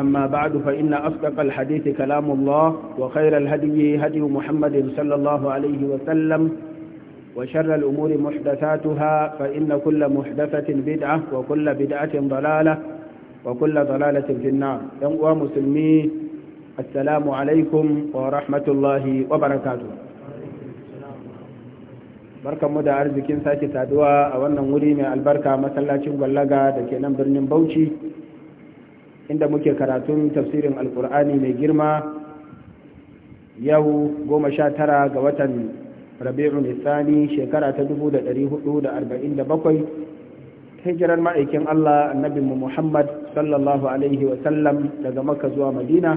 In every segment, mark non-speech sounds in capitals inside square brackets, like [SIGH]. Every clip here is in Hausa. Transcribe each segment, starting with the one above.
أما بعد فإن أصدق الحديث كلام الله وخير الهدي هدي محمد صلى الله عليه وسلم وشر الأمور محدثاتها فإن كل محدثة بدعة وكل بدعة ضلالة وكل ضلالة في النار ينقوى مسلمي السلام عليكم ورحمة الله وبركاته barkan mu da arzikin sake saduwa a wannan wuri mai albarka masallacin gwallaga da ke nan birnin bauchi inda muke karatun tafsirin alkur'ani mai girma yau goma sha tara ga watan rabi'u nisani shekara ta dubu da hijirar ma'aikin allah annabinmu muhammad sallallahu alaihi wasallam daga makka zuwa madina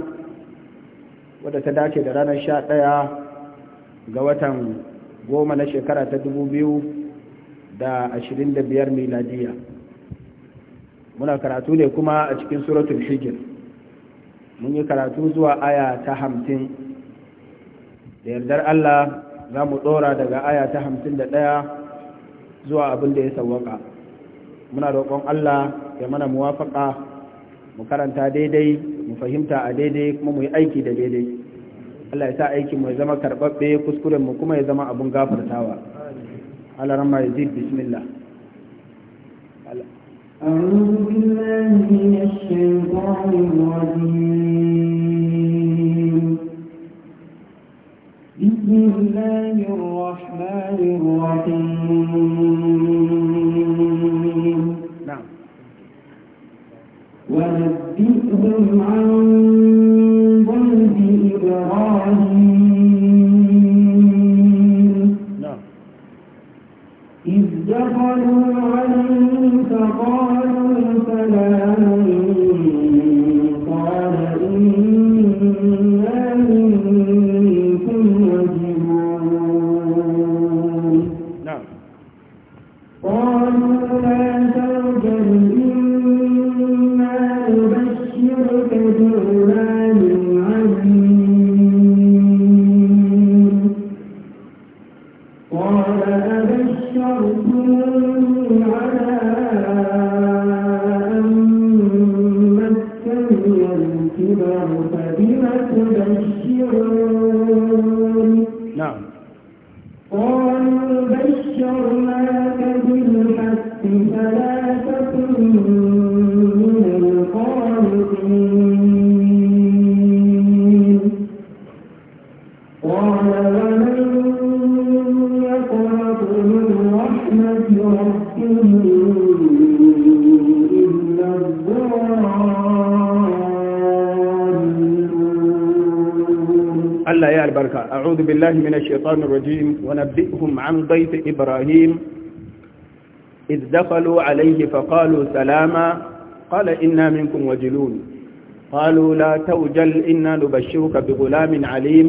wadda ta dace da ranar sha ɗaya ga watan goma na shekara ta dubu biyu da ashirin da biyar miladiya muna karatu ne kuma a cikin suratul hijr mun yi karatu zuwa aya ta hamsin da yardar Allah za mu ɗora daga aya ta hamsin da ɗaya zuwa abin da ya sawwaka muna roƙon Allah ya mana muwafaka mu karanta daidai mu fahimta a daidai kuma mu yi aiki da daidai Allah ya sa aikin mu ya zama karɓaɓɓe kuskuren mu kuma ya zama abun gafartawa Allah ramma bismillah أعوذ بالله من الشيطان الرجيم بسم الله الرحمن الرحيم نعم ونبئهم عن بالله من الشيطان الرجيم ونبئهم عن ضيف إبراهيم إذ دخلوا عليه فقالوا سلاما قال إنا منكم وجلون قالوا لا توجل إنا نبشرك بغلام عليم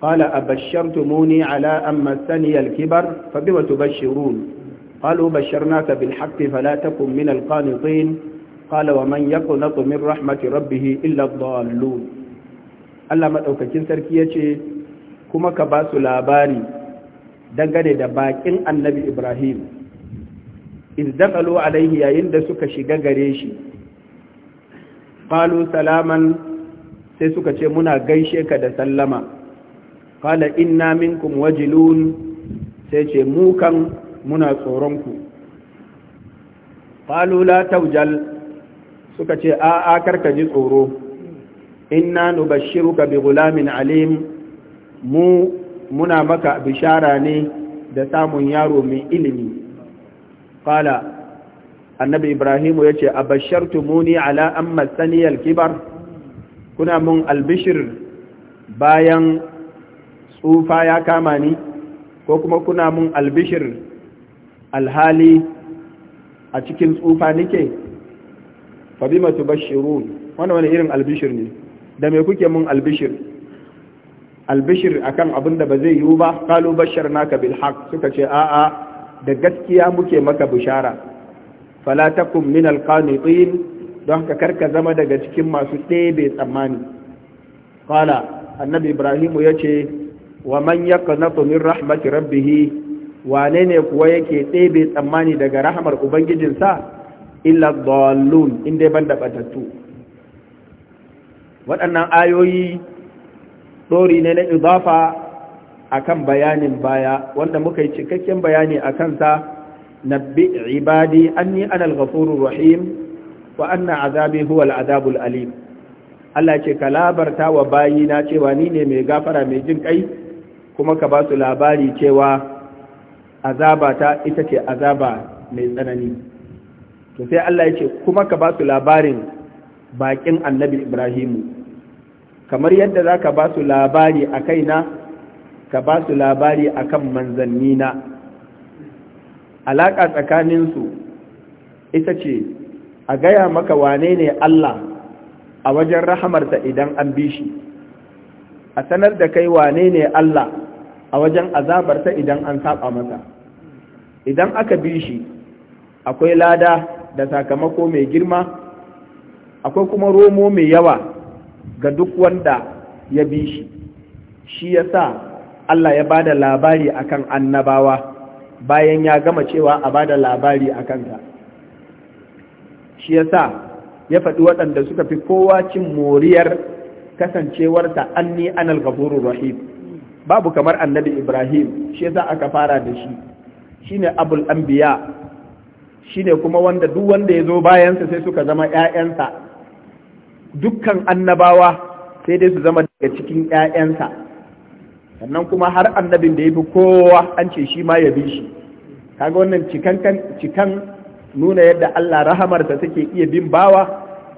قال أبشرتموني على أن مسني الكبر فبما تبشرون قالوا بشرناك بالحق فلا تكن من القانطين قال ومن يقنط من رحمة ربه إلا الضالون ألا ما sarki سركيتي kuma ka ba su labari dangane da bakin annabi ibrahim izdakalu alaihi yayin da suka shiga gare shi qalu salaman sai suka ce muna gaishe ka da sallama qala inna minkum wajilun sai ce mu kan muna tsoron ku qalu la tawjal suka ce a a karkaji ji tsoro inna nubashshiruka bi gulamin alim mu muna maka bishara ne da samun yaro mai ilimi kala annabi ibrahimu ya ce yace tumuni ala an saniyal kibar kuna mun albishir bayan tsufa ya kama ni ko kuma kuna mun albishir alhali a cikin tsufa nike fabi matu tubashirun wani wani irin albishir ne da me kuke mun albishir albishir akan abin da ba zai yiwu ba kalu bashar naka bil haq suka ce a'a da gaskiya muke maka bishara fala takum min alqanitin don haka karka zama daga cikin masu ɗebe tsammani kala annabi ibrahimu ce wa man yaqnatu min rahmati rabbih wane ne kuwa yake ɗebe tsammani daga rahmar ubangijinsa illa dallun inde banda batattu waɗannan ayoyi dori ne na idafa akan bayanin baya wanda muka yi cikakken bayani a kansa nabbi ibadi anni anal ghafurur rahim wa anna azabi huwa al'azabul alim Allah ce ka labarta wa bayina cewa ni ne mai gafara mai jin kai kuma ka ba su labari cewa azabata ita ce azaba mai tsanani to sai Allah ya ce kuma ka ba su labarin bakin annabi Ibrahimu kamar yadda za ka ba su labari a kaina ka ba su labari a kan na. alaƙa tsakaninsu ita ce a gaya maka wane ne Allah a wajen rahamarta idan an bi shi a sanar da kai wane ne Allah a wajen azabarta idan an saba masa idan aka bi shi akwai lada da sakamako mai girma akwai kuma romo mai yawa ga duk wanda ya bi shi shi ya sa Allah ya bada labari akan annabawa bayan ya gama cewa a bada labari a kanta shi ya sa ya faɗi waɗanda suka fi kowa cin moriyar kasancewarta anni anal ghafurur rahim babu kamar annabi ibrahim shi ya sa aka fara da shi shine abul anbiya shine kuma wanda duk wanda ya zo bayansa sai suka zama 'ya'yansa dukkan annabawa sai dai su zama daga cikin ‘ya'yansa sannan kuma har annabin da ya fi kowa an ce shi ma ya bi shi kaga wannan cikan nuna yadda Allah rahamarsa take iya bin bawa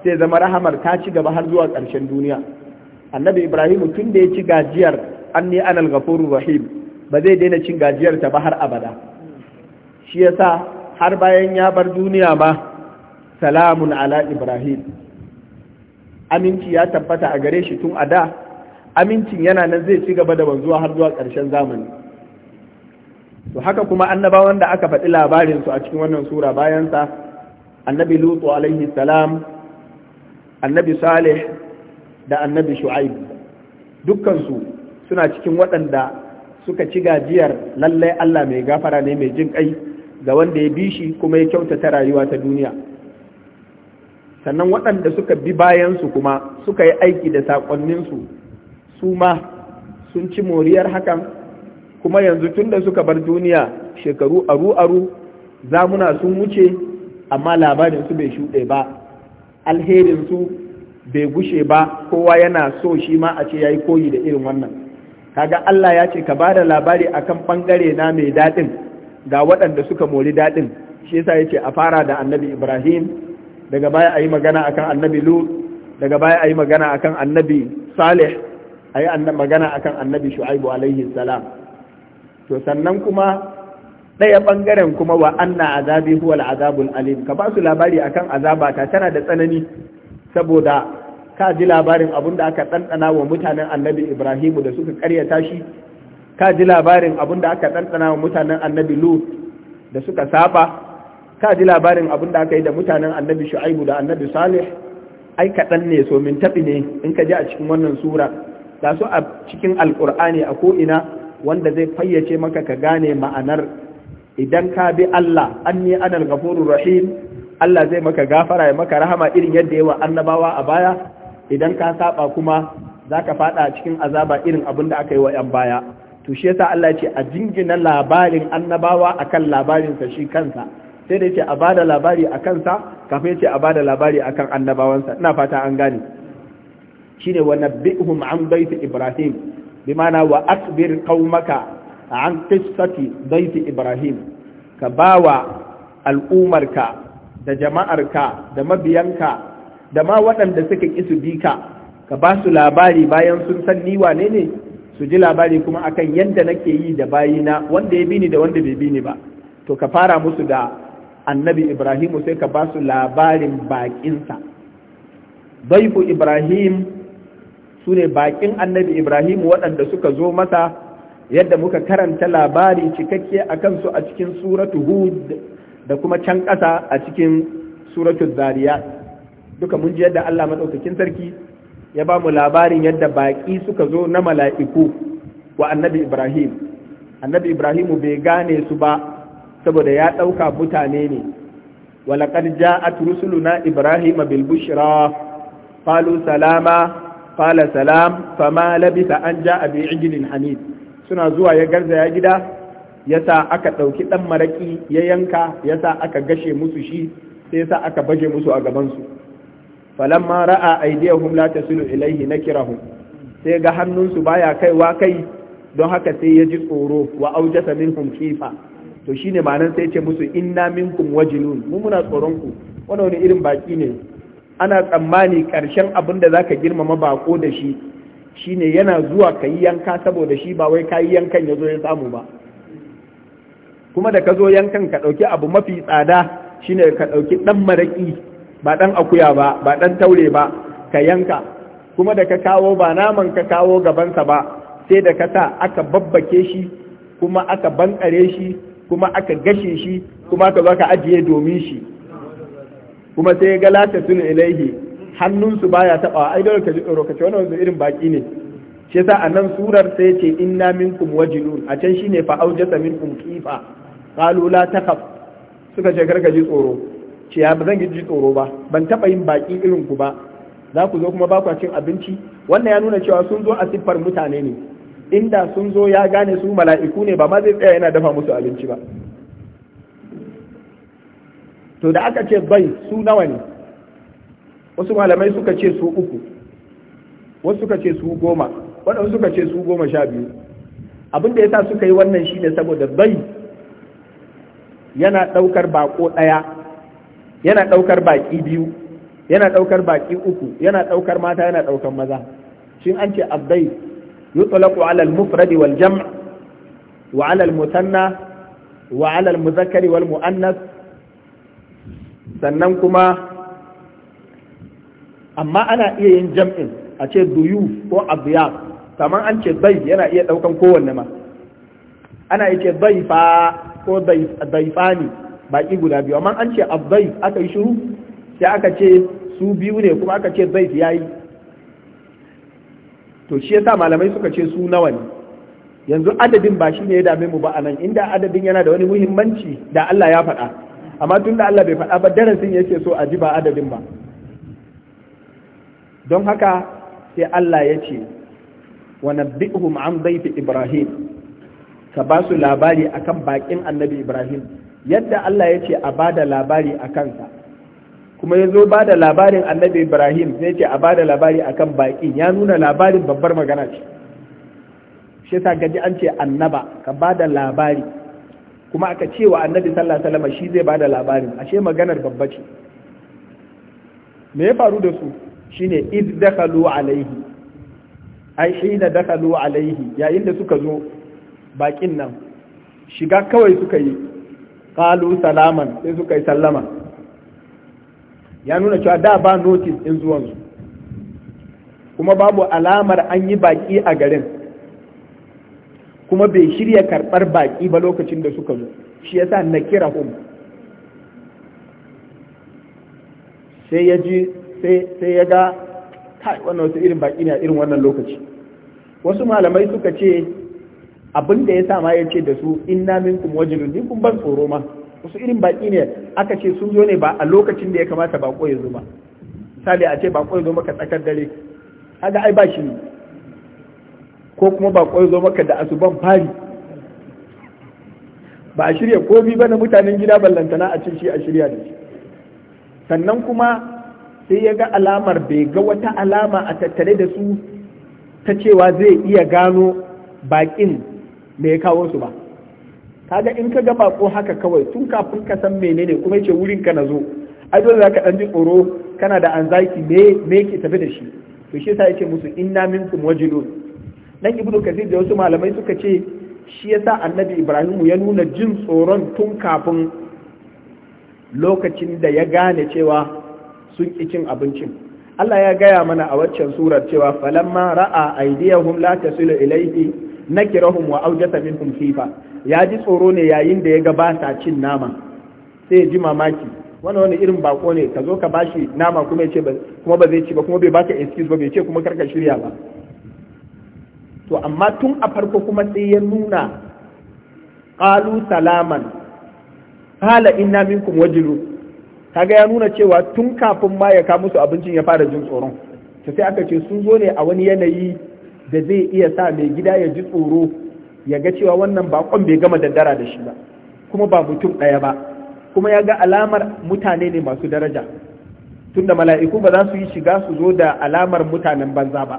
sai zama rahamar ta ci gaba har zuwa ƙarshen duniya annabi ibrahim tun da ya ci gajiyar an anni anal ghafurur rahim ba zai daina cin gajiyar ta ba har abada shi yasa har bayan ya bar duniya ma salamun ala ibrahim aminci ya tabbata a gare shi tun a da amincin yana nan zai ci gaba da wanzuwa har zuwa ƙarshen zamani to haka kuma annabawan da aka faɗi labarinsu a cikin wannan sura bayansa annabi lutu alaihi salam annabi salih da annabi shu'aib dukkansu suna cikin waɗanda suka ci gajiyar lallai allah mai gafara ne mai jin ƙai ga wanda ya bi shi kuma ya kyautata rayuwa ta duniya sannan waɗanda suka bi bayansu kuma suka yi aiki da saƙonninsu su ma sun ci moriyar hakan kuma yanzu tun da suka bar duniya shekaru aru-aru zamuna sun wuce amma labarinsu bai shuɗe ba alherinsu bai gushe ba kowa yana so shi ma a ce ya yi koyi da irin wannan kaga Allah ya ce ka ba da labari akan ɓangare na mai daɗin ga waɗanda suka mori daɗin shi yasa ya ce a fara da annabi ibrahim daga baya a yi magana akan annabi lut daga baya a yi magana akan annabi salih a yi magana akan annabi shu'aibu alaihi salam to sannan kuma ɗaya ɓangaren kuma wa anna azabi huwa al'azabul alim ka ba su labari akan azabata tana da tsanani saboda ka ji labarin abin da aka ɗanɗana wa mutanen annabi ibrahimu da suka karyata shi ka ji labarin abin da aka ɗanɗana wa mutanen annabi lut da suka saba ka ji labarin abin da aka yi da mutanen annabi shu'aibu da annabi salih ai kaɗan ne so min taɓi ne in ka ji a cikin wannan sura ga su a cikin alƙur'ani a ko'ina wanda zai fayyace maka ka gane ma'anar idan ka bi Allah an ni anal gafurur rahim Allah zai maka gafara ya maka rahama irin yadda yawa annabawa a baya idan ka saba kuma za zaka fada cikin azaba irin abin da aka yi wa yan baya to shi yasa Allah ya ce a jingina labarin annabawa akan labarin sa shi kansa sai da yake a bada labari a kansa kafin yace a bada labari a kan annabawansa ina fata an gane ne wani nabbihum an baiti ibrahim mana wa akbir Kaumaka, an kisfati baiti ibrahim ka ba wa al'umarka da jama'arka da mabiyanka da ma waɗanda suka isu su bi ka ka ba su labari bayan sun san ni wane ne su ji labari kuma akan yadda nake yi da bayina wanda ya bi ni da wanda bai bi ni ba to ka fara musu da annabi ibrahimu sai ka ba su labarin bakinsa. baiku ibrahim su ne baƙin annabi ibrahimu waɗanda suka zo masa yadda muka karanta labari cikakke a kansu a cikin suratu hud da kuma can ƙasa a cikin suratu zariya. duka mun ji yadda allah maɗaukakin sarki ya ba mu labarin yadda baƙi suka zo na mala'iku wa annabi ibrahim annabi ibrahimu bai gane su ba saboda ya ɗauka mutane ne walaƙar ja'at rusuluna ibrahim bil bushra qalu salama qala salam fama labisa an ja'a bi ijlin hamid suna zuwa ya garza ya gida yasa aka ɗauki ɗan maraƙi ya yanka yasa aka gashe musu shi sai yasa aka baje musu a gabansu falamma ra'a aydiyahum la tasilu na nakirahum sai ga hannunsu baya kaiwa kai don haka sai ya ji tsoro wa aujasa minhum kifa to shine ma'anar sai ce musu inna minkum wajilun mu muna tsoron ku wannan wani irin baki ne ana tsammani karshen abin da za ka girmama ko da shi shine yana zuwa kayi yanka saboda shi ba wai kayi yankan ya zo ya samu ba kuma da ka zo yankan ka ɗauki abu mafi tsada shine ka ɗauki ɗan maraƙi ba ɗan akuya ba ba ɗan taure ba ka yanka kuma da ka kawo ba naman ka kawo gabansa ba sai da ka sa aka babbake shi kuma aka bankare shi kuma aka gashe shi kuma aka zo ajiye domin shi kuma sai ga lata sun ilaihi hannunsu baya taba ai dole ka ji tsoro ka ce wannan irin baki ne shi yasa a nan surar sai ce inna minkum wajilun a can shine fa aujasa minkum kifa. qalu la suka ce karka ji tsoro ce ya zan ji tsoro ba ban taba yin baki irin ku ba za ku zo kuma ba cin abinci wannan ya nuna cewa sun zo a siffar mutane ne inda sun zo ya gane su mala'iku ne ba ma zai tsaya yana dafa musu abinci ba to da aka ce bai su nawa ne wasu malamai suka ce su uku wasu suka ce su goma waɗansu suka ce su goma sha biyu abin da ya sa suka yi wannan shi ne saboda bai yana ɗaukar baƙo ɗaya yana ɗaukar baƙi biyu yana ɗaukar baƙi uku yana ɗaukar mata yana ɗaukar maza shin an ce abdai yutlaqu ala al-mufrad wal jam' wa ala al muannas sannan kuma amma ana iya yin jam'in a ce duyu ko abiya kamar an ce bai yana iya ɗaukan kowanne ma ana iya ce bai fa ko bai fa ne Baƙi guda biyu amma an ce abai aka yi shiru sai aka ce su biyu ne kuma aka ce bai yi? to shi yasa malamai suka ce su nawa ne yanzu adadin ba shi ne ya dame mu ba anan inda adadin yana da wani muhimmanci da Allah ya faɗa amma tun da Allah bai faɗa ba darasin yake so a ji ba adadin ba don haka sai Allah ya ce wa nabbi'hum an dhayfi ibrahim ka ba su labari akan bakin annabi ibrahim yadda Allah ya ce a bada labari a kansa kuma ya zo ba da labarin annabi ibrahim sai ce a ba da labari akan baƙin ya nuna labarin babbar magana ce shi yasa gaji an ce annaba ka ba da labari kuma aka ce wa annabi sallallahu alaihi wasallam shi zai ba da labarin ashe maganar babba ce me ya faru da su shine id dakhalu alaihi ai hina dakhalu alaihi yayin da suka zo baƙin nan shiga kawai suka yi qalu salaman sai suka yi sallama ya nuna cewa da ba notis in zuwansu kuma babu alamar an yi baki a garin kuma bai shirya karɓar baki ba lokacin da suka zo shi yasa na kira home sai ya ji sai ya ga kai wannan wasu irin baki ne a irin wannan lokaci wasu malamai suka ce abin da ya sa ya ce da su inna minkum wajilun ni kun ban tsoro ma wasu irin baƙi ne aka ce sun zo ne ba a lokacin da ya kamata baƙo ya zo ba misali a ce baƙo ya zo maka tsakar dare kaga ai ba shi ne ko kuma baƙo ya zo maka da asuban fari ba a shirya komi ba na mutanen gida ballantana a ce shi a shirya da shi sannan kuma sai ya ga alamar bai ga wata alama a tattare da su ta cewa zai iya gano baƙin da ya kawo su ba kaga in ka ga bako haka kawai tun kafin ka san menene kuma yace wurin ka nazo ai dole zaka dan ji tsoro kana da anxiety me me ke tafi da shi to shi yasa yake musu inna minkum wajilun dan ibnu kathir da wasu malamai suka ce shi yasa annabi ibrahimu ya nuna jin tsoron tun kafin lokacin da ya gane cewa sun ki cin abincin Allah ya gaya mana a waccan surar cewa falamma ra'a aydiyahum la tasilu ilayhi nakirahum wa aujata minhum khifa ya ji tsoro ne yayin da ya ga ba cin nama sai ya ji mamaki wannan wani irin bako ne ka zo ka bashi nama kuma ya ce kuma ba zai ci ba kuma bai baka excuse ba bai ce kuma karka shirya ba to amma tun a farko kuma sai ya nuna qalu salaman hala inna minkum wajilu kaga ya nuna cewa tun kafin ma ya ka musu abincin ya fara jin tsoron sai aka ce sun zo ne a wani yanayi da zai iya sa mai gida ya ji tsoro ya ga cewa wannan bakon bai gama daddara da shi ba kuma ba mutum ɗaya ba kuma ya ga alamar mutane ne masu daraja tunda mala'iku ba za su yi shiga su zo da alamar mutanen banza ba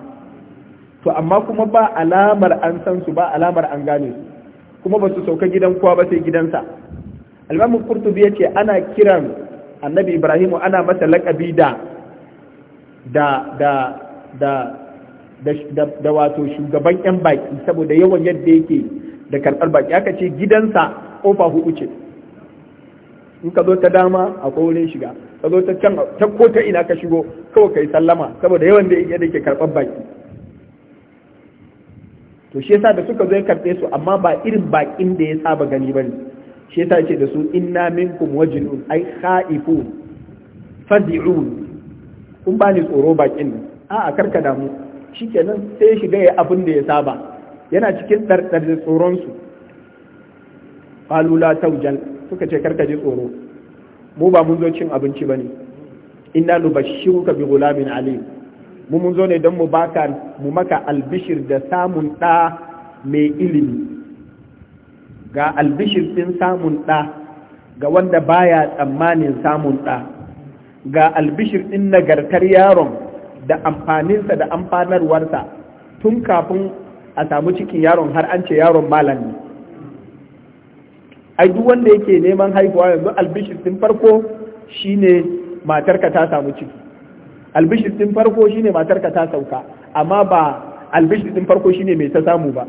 to amma kuma ba alamar an san su ba alamar an gane su kuma ba su sauka gidan kowa ba sai gidansa almamin kurtubi ya ce ana kiran annabi ibrahimu ana masa lakabi da da da da da wato shugaban 'yan baki saboda yawan yadda yake da karɓar baki aka ce gidansa ƙofa hudu ce in ka zo ta dama akwai wurin shiga ka zo ta can ta ko ta ina ka shigo kawai kai sallama saboda yawan da yadda yake karɓar baki to shi yasa da suka zo ya karɓe su amma ba irin bakin da ya saba gani ne shi yasa ce da su inna minkum wajinun ai khaifu fadi'un kun bani tsoro bakin Aa kar ka damu shikenan sai shiga ya abin da ya saba yana cikin ɗarɗar da tsoronsu falula taujal suka ce karka ji tsoro mu ba mun zo cin abinci ba ne shi nubashshiruka bi gulamin ali mu mun zo ne don mu baka mu maka albishir da samun ɗa mai ilimi ga albishir ɗin samun ɗa ga wanda baya tsammanin samun ɗa ga albishir ɗin nagartar yaron da amfaninsa da amfanarwarsa tun kafin a samu cikin yaron har an ce yaron malam ne ai duk wanda yake neman haihuwa yanzu albishir din farko shine matarka ta samu ciki albishir din farko shine matarka ta sauka amma ba albishir din farko shine mai ta samu ba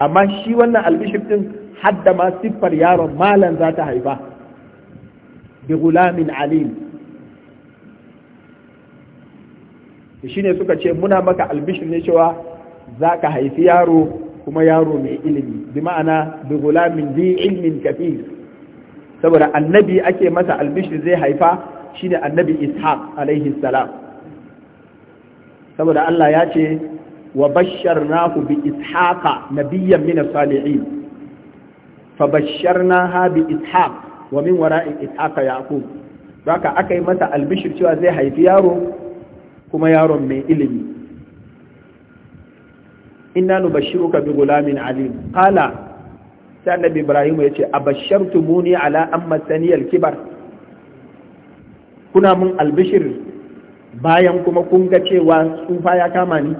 amma shi wannan albishir din hadda ma siffar yaron malam za ta haifa bi gulamin alim ne suka ce muna maka albishir ne cewa za ka haifi yaro kuma yaro mai ilimi bi ma'ana bi gulamin bi ilmin kafir saboda annabi ake masa albishir zai haifa shine annabi ishaq alaihi salam saboda Allah ya ce wa basharnahu bi ishaqa nabiyyan min as-salihin fa basharnaha bi ishaq wa min wara'i ishaqa yaqub haka aka yi masa albishir cewa zai haifi yaro kuma yaron mai ilimi inna nubashiruka bi gulamin alim qala sai annabi ibrahim yace abashartumuni ala amma saniyal kibar kuna mun albishir bayan kuma kun ga cewa tsufa ya kama ni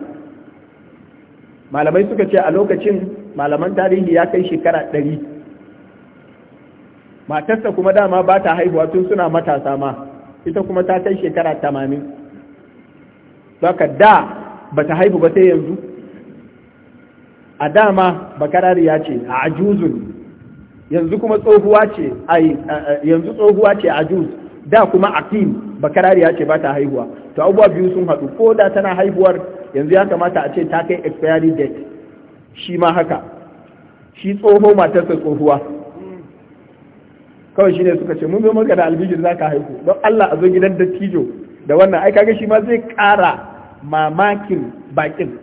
malamai suka ce a lokacin malaman tarihi ya kai shekara ɗari matarsa kuma dama ba ta haihuwa tun suna matasa ma ita kuma ta kai shekara tamanin saka da ba ta haihu ba sai yanzu a dama bakarariya ce a ajuzun yanzu kuma tsohuwa ce yanzu tsohuwa ce ajuz da kuma aqim bakarariya ce ba ta haihuwa to abubuwa biyu sun haɗu ko da tana haihuwar yanzu ya kamata a ce ta kai expiry date shi ma haka shi tsoho matarsa tsohuwa kawai shi ne suka ce mun zo maka da albijir za ka haihu don Allah a zo gidan dattijo da wannan ai kaga shi ma zai ƙara mamakin bakin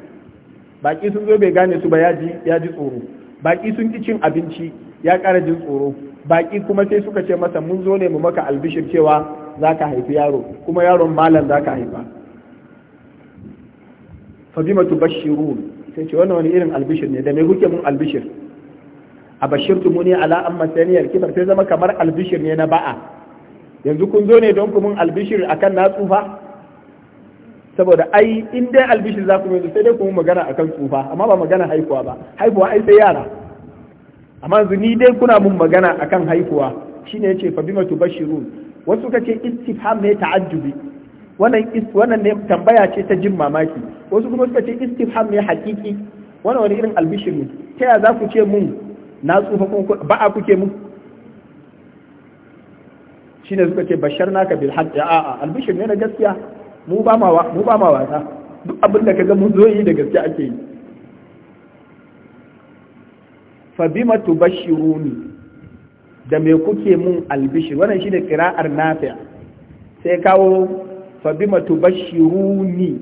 baki sun zo bai gane su ba ya ji tsoro baki sun ki cin abinci ya ƙara jin tsoro baki kuma sai suka ce masa mun zo ne mu maka albishir cewa za ka haifi yaro kuma yaron malam za ka haifa fabima tubashirun sai ce wannan wani irin albishir ne da me kuke mun albishir a bashirtu muni ala amma saniyar kibar sai zama kamar albishir ne na ba'a yanzu kun zo ne don kuma albishir akan na tsufa saboda ai in dai albishir za ku yanzu sai dai kuma magana akan tsufa amma ba magana haihuwa ba haihuwa ai sai yara amma yanzu ni dai kuna mun magana akan haihuwa shine yace fa bima tubashirun wasu kace istifham ne ta'ajjubi wannan wannan ne tambaya ce ta jin mamaki wasu kuma suka ce istifham ne hakiki wannan wani irin albishir ne ta ya za ku ce mun na tsufa ba a kuke mun shine suka ce bashar naka bil haqqi a'a albishir ne na gaskiya mu ba ma mu ba ma wasa duk abin da kaga mun zo yi da gaskiya ake yi fa bima tubashiruni da me kuke mun albishir wannan shine qira'ar nafi'a sai kawo fa bima tubashiruni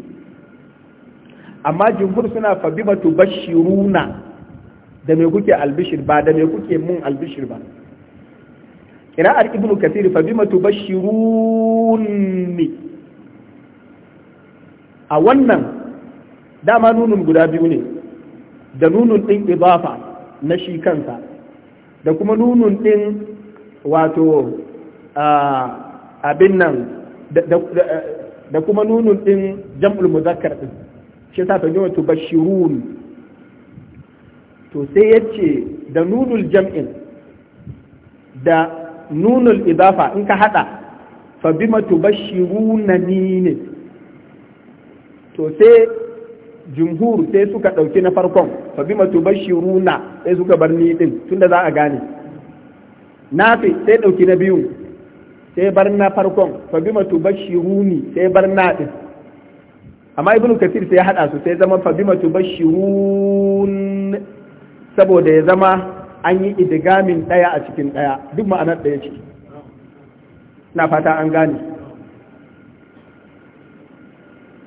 amma jumhur suna fa bima tubashiruna da me kuke albishir ba da me kuke mun albishir ba al ibnu kathir fa bima tubashshirunni a wannan dama nunun guda biyu ne da nunun din idafa na shi kansa da kuma nunun din wato abin nan da kuma nunun din jam'ul muzakkar din shi ta fa bima tubashshirun to sai yace da nunul jam'in da nunul idafa in ka hada fa bima tubashiruna ni ne to sai jumhur sai suka dauki na farkon fa bima tubashiruna sai suka bar ni din tunda za a gane nafi sai dauki na biyu sai bar na farkon fa bima tubashiruni sai bar na din amma ibnu kathir sai ya hada su sai zama fa bima tubashirun saboda ya zama an yi idigamin ɗaya a cikin ɗaya duk ma'anar ɗaya ce na fata an gane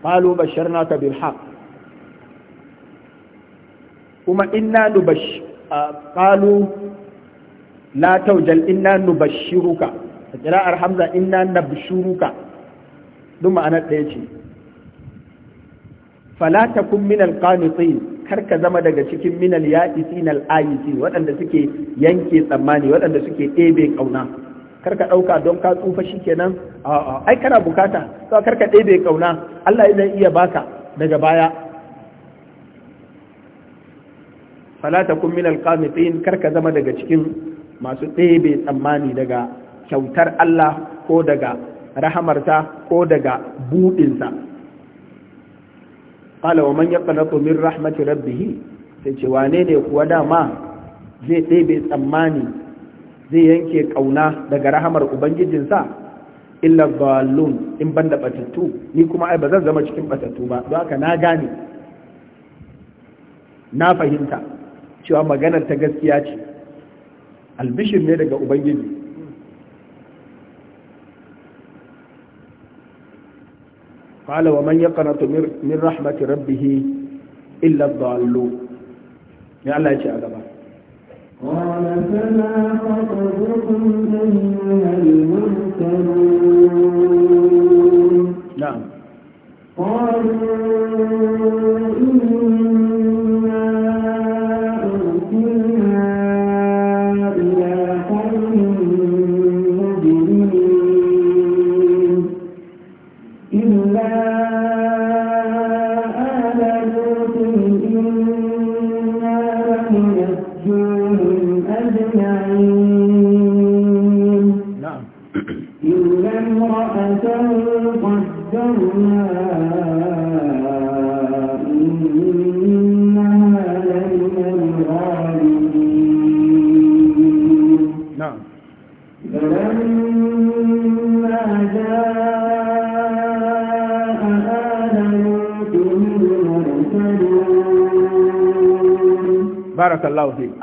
falu bashar na ta bilhaq kuma inna nubash falu la taujal inna nubashiruka a kira'ar hamza inna nabshuruka duk ma'anar ɗaya ce fala takun min alqanitin kar ka zama daga cikin minal ya ya'isin al'ayisi waɗanda suke yanke tsammani waɗanda suke ɗebe ƙauna kar ka ɗauka don ka tsufa shi kenan ai kana bukata to kar ka ɗebe ƙauna Allah zai iya baka daga baya fala minal qanitin kar ka zama daga cikin masu ɗebe tsammani daga kyautar Allah ko daga rahamarta ko daga buɗinsa Malama wa man yaqnatu min rahmati rabbih sai ce wane ne kuwa dama zai ɗebe tsammani zai yanke ƙauna daga rahamar ubangijinsa illa balun in banda batattu ni kuma ai ba zan zama cikin batattu ba don haka na gane na fahimta cewa maganar ta gaskiya ce albishir ne daga ubangiji قال ومن يقنط من رحمة ربه إلا الضالون يا الله يجي أقبا قال فما خطبكم أيها المرسلون نعم قالوا إنا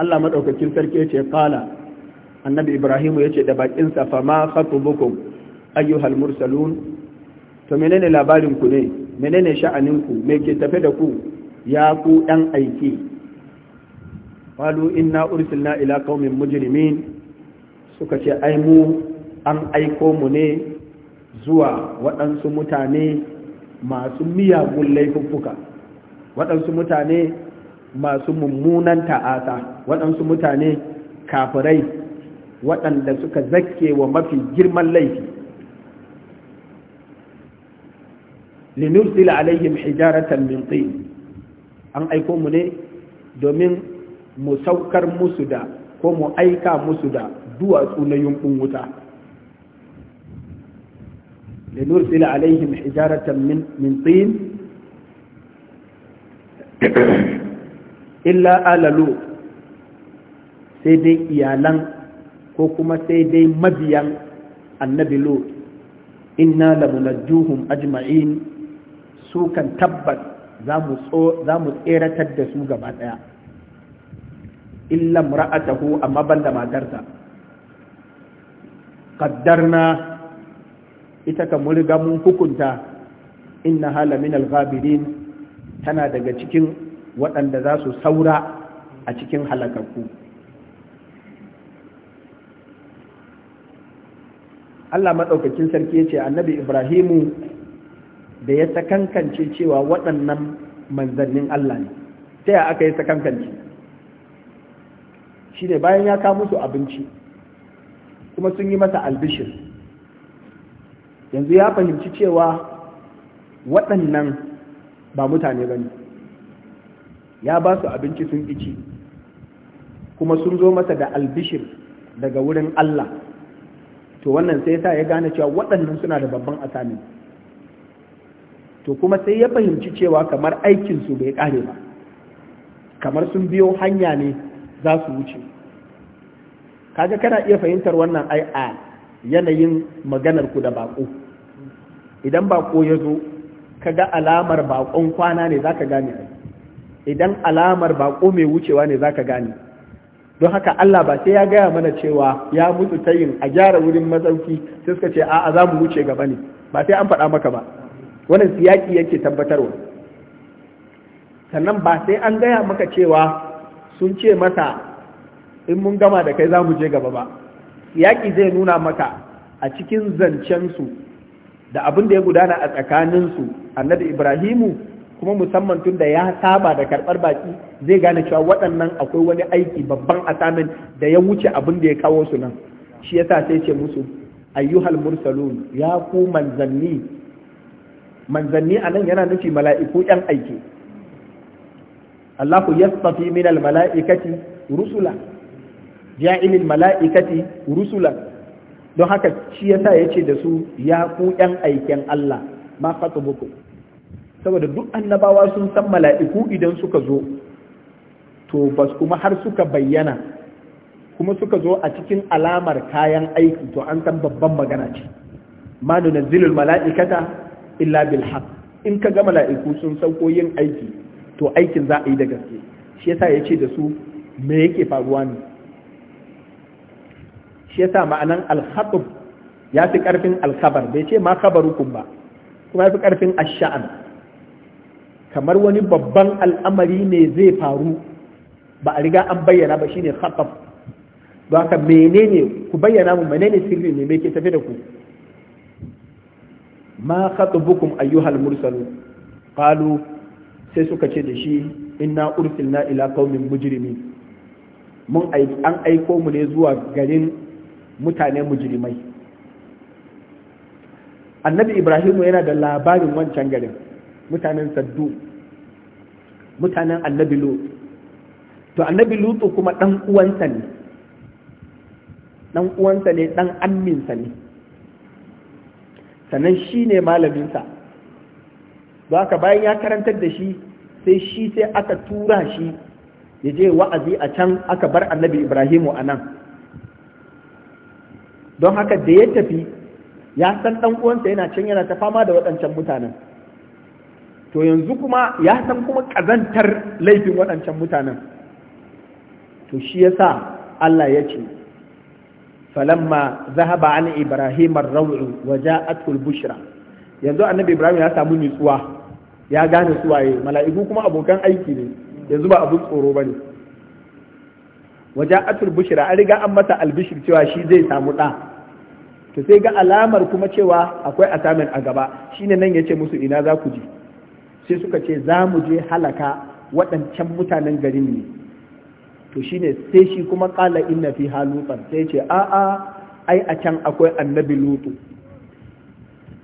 Allah madaukakin sarki yace qala annabi ibrahim yace da bakin sa fa ma khatubukum ayyuhal mursalun to menene labarin ku ne menene sha'anin ku me ke tafe da ku ya ku dan aiki walu inna ursilna ila qaumin mujrimin suka ce ai mu an aiko mu ne zuwa waɗansu mutane masu miyagun laifuffuka waɗansu mutane masu mummunan ta'asa waɗansu mutane kafirai waɗanda suka zakke wa mafi girman laifi linursila alaihim hijaratan min an aiko mu ne domin mu saukar musu da ko mu aika musu da duwatsu na yunkun wuta linursila alaihim hijaratan min [COUGHS] illa alalu sai dai iyalan ko kuma sai dai mabiyan annabi lut inna lamunajjuhum ajma'in su kan tabbat za mu tseratar da su gaba daya illa ra'atahu amma banda matarsa qaddarna ita ka muriga mun hukunta inna hala min al tana daga cikin waɗanda za su saura a cikin halakakku Allah maɗaukakin sarki ya ce annabi Ibrahimu da ya sakankance cewa waɗannan manzannin Allah ne ta ya aka yi sakankance shi ne bayan ya kawo su abinci kuma sun yi masa albishir yanzu ya fahimci cewa waɗannan ba mutane ba ne ya ba su abinci sun ici kuma sun zo masa da albishir daga wurin Allah to wannan sai sa ya gane cewa waɗannan suna da babban asamin to kuma sai ya fahimci cewa kamar aikinsu bai ƙare ba kamar sun biyo hanya ne za su wuce kaga kana iya fahimtar wannan ai a yanayin maganar ku da baƙo idan baƙo ya zo kaga alamar baƙon kwana ne za ka gane ai idan alamar bako mai wucewa ne zaka gane don haka Allah ba sai ya gaya mana cewa ya mutu ta yin a gyara wurin mazauki sai suka ce a'a za mu wuce gaba ne ba sai an faɗa maka ba wannan siyaki yake tabbatarwa sannan ba sai an gaya maka cewa sun ce masa in mun gama da kai za mu je gaba ba yaƙi zai nuna maka a cikin zancensu da abin da ya gudana a tsakaninsu annabi ibrahimu kuma musamman tun da ya saba da karɓar baki zai gane cewa waɗannan akwai wani aiki babban asamin da ya wuce abin da ya kawo su nan shi yasa sai ce musu ayyuhal mursalun ya ku manzanni manzanni a nan yana nufi mala'iku ‘yan aiki Allahu yastafi min mala'ikati rusula ja'ilil mala'ikati rusula don haka shi yasa ya ce da su ya ku ‘yan aiken Allah ma fatubukum saboda duk annabawa sun san mala'iku idan suka zo to bas kuma har suka bayyana kuma suka zo a cikin alamar kayan aiki to an san babban magana ce ma nuna zilul mala'ikata illa bil haq in ka ga mala'iku sun sauko yin aiki to aikin za a yi da gaske shi yasa ya ce da su me yake faruwa ne shi yasa ma'anan alkhatub ya fi karfin alkhabar bai ce ma khabarukum ba kuma ya fi karfin Asha'an. kamar wani babban al'amari ne zai faru ba a riga an bayyana ba shine khataf ba ka menene ku bayyana mu menene sirri ne me ke tafi da ku ma khatabukum ayyuhal Mursalu, qalu sai suka ce da shi inna ursilna ila qaumin mujrimi mun an aiko mu ne zuwa garin mutane mujrimai annabi ibrahimu yana da labarin wancan garin mutanen saddu mutanen annabi Lu, to annabi lutu kuma dan uwansa ne dan uwansa ne dan amminsa ne sannan shi ne malaminsa ba haka bayan ya karantar da shi sai shi sai aka tura shi ya je wa'azi a can aka bar annabi ibrahimu a nan don haka da ya tafi ya san dan uwansa yana can yana ta fama da waɗancan mutanen to yanzu kuma ya san kuma ƙazantar laifin waɗancan mutanen to shi ya sa Allah ya ce falamma zahaba an ibrahim ar-raw'u wa bushra yanzu annabi ibrahim ya samu nutsuwa ya gane suwaye mala'iku kuma abokan aiki ne yanzu ba abun tsoro bane wa ja'athu al-bushra an riga an mata al bushr cewa shi zai samu da to sai ga alamar kuma cewa akwai asamin a gaba shine nan yace musu ina za ku je sai suka ce za mu je halaka waɗancan mutanen garin ne to shine sai shi kuma ƙala inna fi halutan sai ce a'a ai a can akwai annabi lutu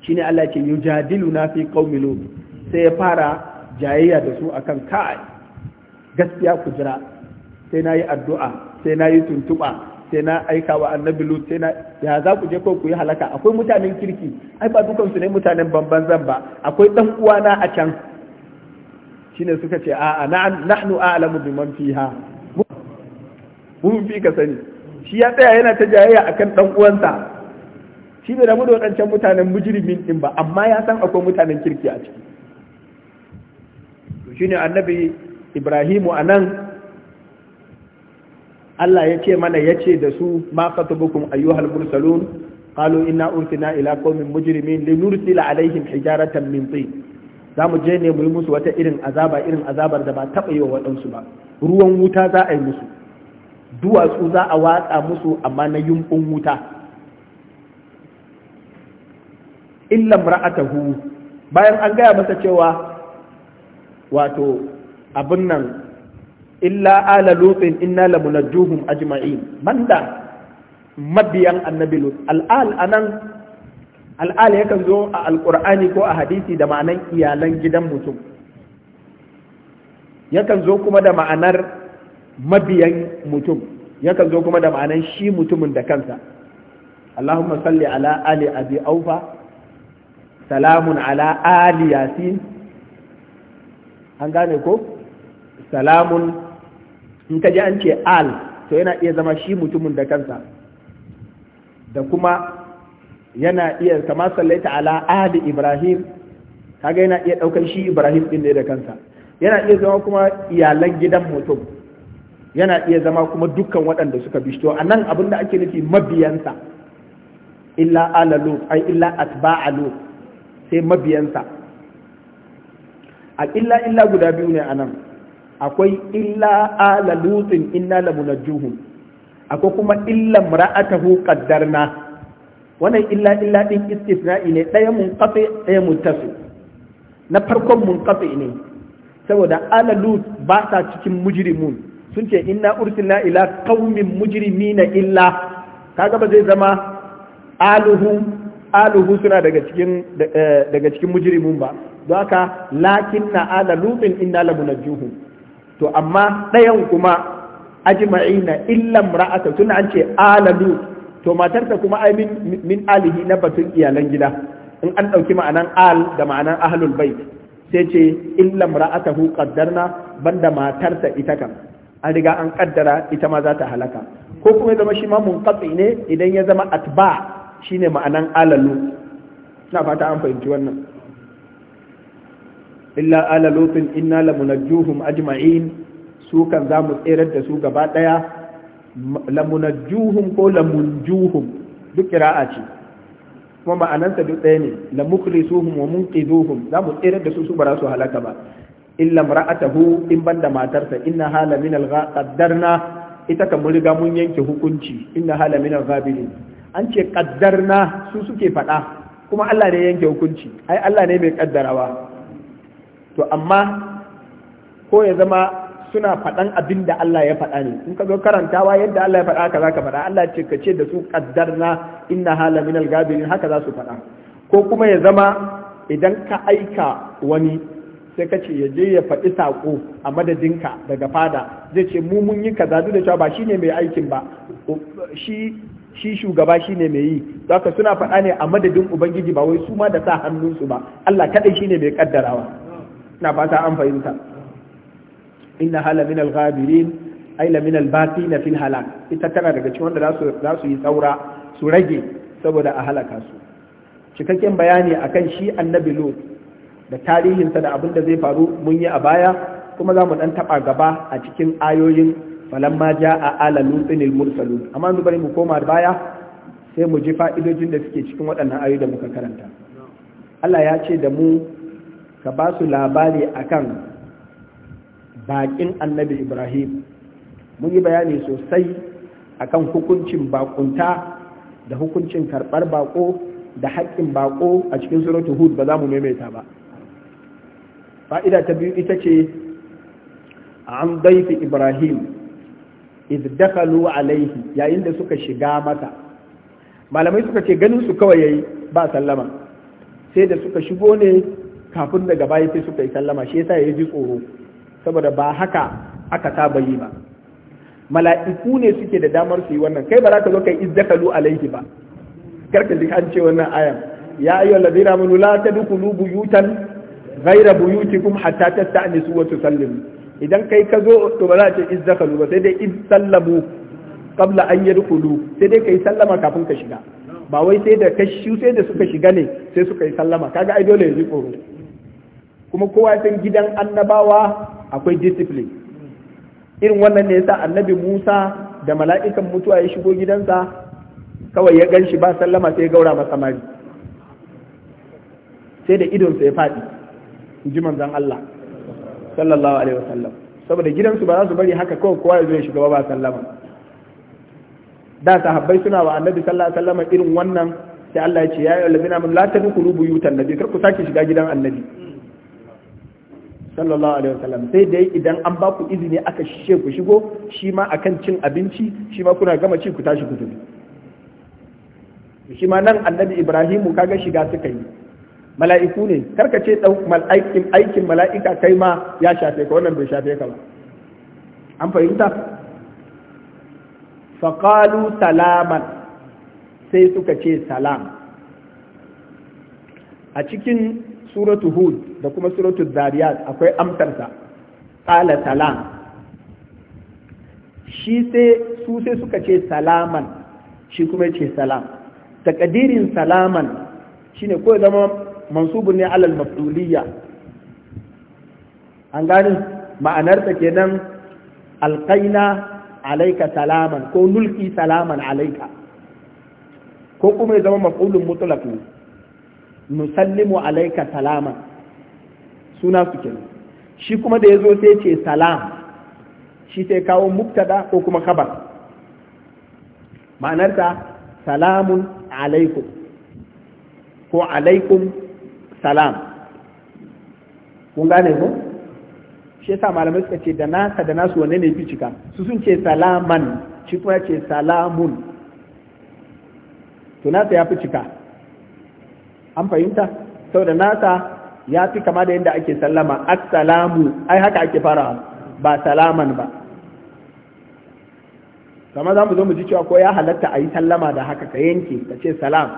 ne Allah ce na fi ƙaumi lutu sai ya fara jayayya da su akan kai gaskiya ku jira sai na yi addu'a sai na yi tuntuɓa sai na aika wa annabi lutu. sai na ya za ku je ko ku yi halaka akwai mutanen kirki ai ba dukansu ne mutanen banban zan ba akwai ɗan uwana a can shine suka ce a'a nahnu a'lamu biman fiha mun fi ka sani shi ya tsaya yana ta jayayya akan dan uwansa shi bai rabu da waɗancan mutanen mujrimin din ba amma ya san akwai mutanen kirki a ciki to shine annabi Ibrahimu anan Allah ya ce mana ya ce da su ma fatabukum ayyuhal mursalun qalu inna ursina ila qaumin mujrimin linursila alaihim hijaratan min tin za mu je ne mu yi musu wata irin azaba irin azabar da ba taɓa yi wa waɗansu ba ruwan wuta za a yi musu duwatsu za a watsa musu amma na yumɓun wuta illam ra'atahu bayan an gaya masa cewa wato abin nan illa ala lutin inna munajjuhum ajma'in banda mabiyan annabi lut al'al anan al'al yakan zo a alƙur'ani ko a hadisi da ma'anan iyalan gidan mutum yakan zo kuma da ma'anar mabiyan mutum yakan zo kuma da ma'anar shi mutumin da kansa Allahumma salli ala ali abi aufa salamun ala ali yasin an gane ko salamun in ka ji an ce al to yana iya zama shi mutumin da kansa da kuma yana iya kama sallaita ala ahli ibrahim kaga yana iya daukar shi ibrahim din ne da kansa yana iya zama kuma iyalan gidan mutum yana iya zama kuma dukkan waɗanda suka bishto a nan abinda ake nufi mabiyansa illa ala lut ai illa atba'a lut sai mabiyansa a illa illa guda biyu ne a nan akwai illa ala lutin inna lamunajjuhum akwai kuma illa mara'atahu qaddarna wannan illa illa din istifra'i ne ɗaya mun kafe ɗaya mun tafi na farkon mun kafe ne saboda ala lut ba sa cikin mujrimun sun ce inna ursilna ila qaumin mujrimina illa kaga ba zai zama aluhu aluhu suna daga cikin eh, daga cikin mujrimun ba don haka lakinna ala lutin inna lamunajjuhum to amma ɗayan kuma ajma'ina illa imra'ata tun an ce ala lut to matarsa kuma ai min alihi na batun iyalan gida in an ɗauki ma'anan al da ma'anan ahlul bait sai ce illa ra'atahu qaddarna banda matarsa ita kan an riga an kaddara ita ma za ta halaka ko kuma zama shi ma munqati ne idan ya zama atba shine ma'anan alalu na fata an fahimci wannan illa ala lutin inna lamunajjuhum ajma'in su kan za mu tserar da su gaba daya lamunajuhum ko lamunjuhum duk kira'a ce kuma ma'anansa duk ɗaya ne la mukhlisuhum wa munqidhuhum za mu tsere da su su bara su halaka ba illa mar'atahu in banda matarsa inna hala min al ita kan mun riga mun yanke hukunci inna hala min al an ce qaddarna su suke fada kuma Allah ne yanke hukunci ai Allah ne mai kaddarawa to amma ko ya zama suna faɗan abin da Allah ya faɗa ne in ka zo karantawa yadda Allah ya faɗa ka za ka faɗa Allah ce ka ce da su na inna hala minal gabirin haka za su faɗa ko kuma ya zama idan ka aika wani sai ka ce ya ya faɗi saƙo a madadinka daga fada zai ce mu mun yi kaza duk da cewa ba shine mai aikin ba shi shi shugaba shine mai yi ka suna faɗa ne a madadin ubangiji ba wai su ma da sa hannunsu ba Allah shi shine mai kaddarawa na fata an fahimta inna hala min al-ghabirin ay la min al-batin al halak ita tana daga cikin wanda zasu zasu yi saura su rage saboda a halaka su cikakken bayani akan shi annabi lut da tarihinsa da abin da zai faru mun yi a baya kuma za mu dan taba gaba a cikin ayoyin falamma jaa ala lutin al-mursalun amma yanzu bari mu koma baya sai mu ji fa'idojin da suke cikin waɗannan ayoyi da muka karanta Allah ya ce da mu ka ba su labari akan bakin annabi ibrahim mun yi bayani sosai akan hukuncin bakunta da hukuncin karɓar bako da haƙƙin bako a cikin suratul hud ba za mu maimaita ba fa'ida ta biyu ita ce an daifi ibrahim izdakalu alaihi yayin da suka shiga mata malamai suka ce ganin su kawai yayi ba sallama sai da suka shigo ne kafin daga baya sai suka yi sallama shi yasa ji tsoro saboda ba haka aka saba yi ba mala'iku ne suke da damar su yi wannan kai ba za ka zo kai izdakalu alaihi ba karka ji an ce wannan ayan ya ayyu allazina amanu la tadkhulu buyutan ghayra buyutikum hatta tasta'nisu wa tusallimu idan kai ka zo to ba za ka ce izdakalu ba sai dai in sallamu qabla an yadkhulu sai dai kai sallama kafin ka shiga ba wai sai da sai da suka shiga ne sai suka yi sallama kaga ai dole ya ji kuma kowa san gidan annabawa akwai discipline irin wannan ne yasa annabi Musa da mala'ikan mutuwa ya shigo gidansa kawai ya ganshi ba sallama sai ya gaura masa mari sai da idon idonsa ya fadi inji manzon Allah sallallahu alaihi wasallam saboda gidansu ba za su bari haka kawai kowa ya zo ya shiga ba sallama da sahabbai suna wa annabi sallallahu alaihi wasallam irin wannan sai Allah ya ce ya ayyuhal ladina amanu la tadkhulu buyutan nabi kar ku sake shiga gidan annabi sallallahu alaihi wasallam sai dai idan an ba ku izini aka shishe ku shigo shi ma akan cin abinci shi ma kuna gama ci ku tashi ku tafi shi ma nan annabi ibrahimu kaga shiga suka yi mala'iku ne karka ce aikin aikin mala'ika kai ma ya shafe ka wannan bai shafe ka ba an fahimta faqalu salaman sai suka ce salam a cikin suratu hud da kuma suratul zariyat akwai amsarsa qala salam shi sai su sai suka ce salaman shi kuma ya ce salam takadirin salaman shine ko zama mansubun ne alal maf'uliyya an gani ma'anarsa kenan alqaina alaika salaman ko nulki salaman alaika ko kuma ya zama maf'ulun mutlaq nusallimu alaika salaman suna su kenan shi kuma da ya zo sai ce salam shi sai kawo muktada ko kuma khabar ma'anarta salamun alaikum ko alaikum salam kun gane mu shi yasa malamai suka ce da nasa da nasu wanne ne fi cika su sun ce salaman shi kuma ce salamun to nasa ya fi cika an fahimta sau da nasa ya fi kama da yadda ake sallama assalamu ai haka ake fara ba salaman ba kama za mu zo mu ji cewa ko ya halatta a yi sallama da haka ka yanke ka ce salam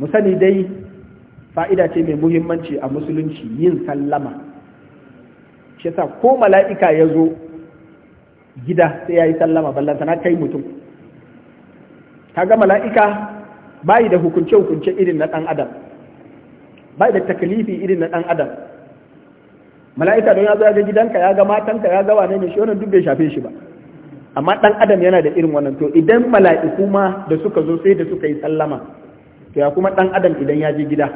mu dai fa'ida ce mai muhimmanci a musulunci yin sallama shi sa ko mala'ika ya zo gida sai ya yi sallama ballantana kai mutum ga mala'ika bayi da hukunce-hukunce irin na ɗan adam ba da takalifi irin na ɗan adam mala'ika don ya zo ya ga gidanka ya ga matanka ya ga wane ne shi wannan duk bai shafe shi ba amma ɗan adam yana da irin wannan to idan mala'iku ma da suka zo sai da suka yi sallama to ya kuma ɗan adam idan ya je gida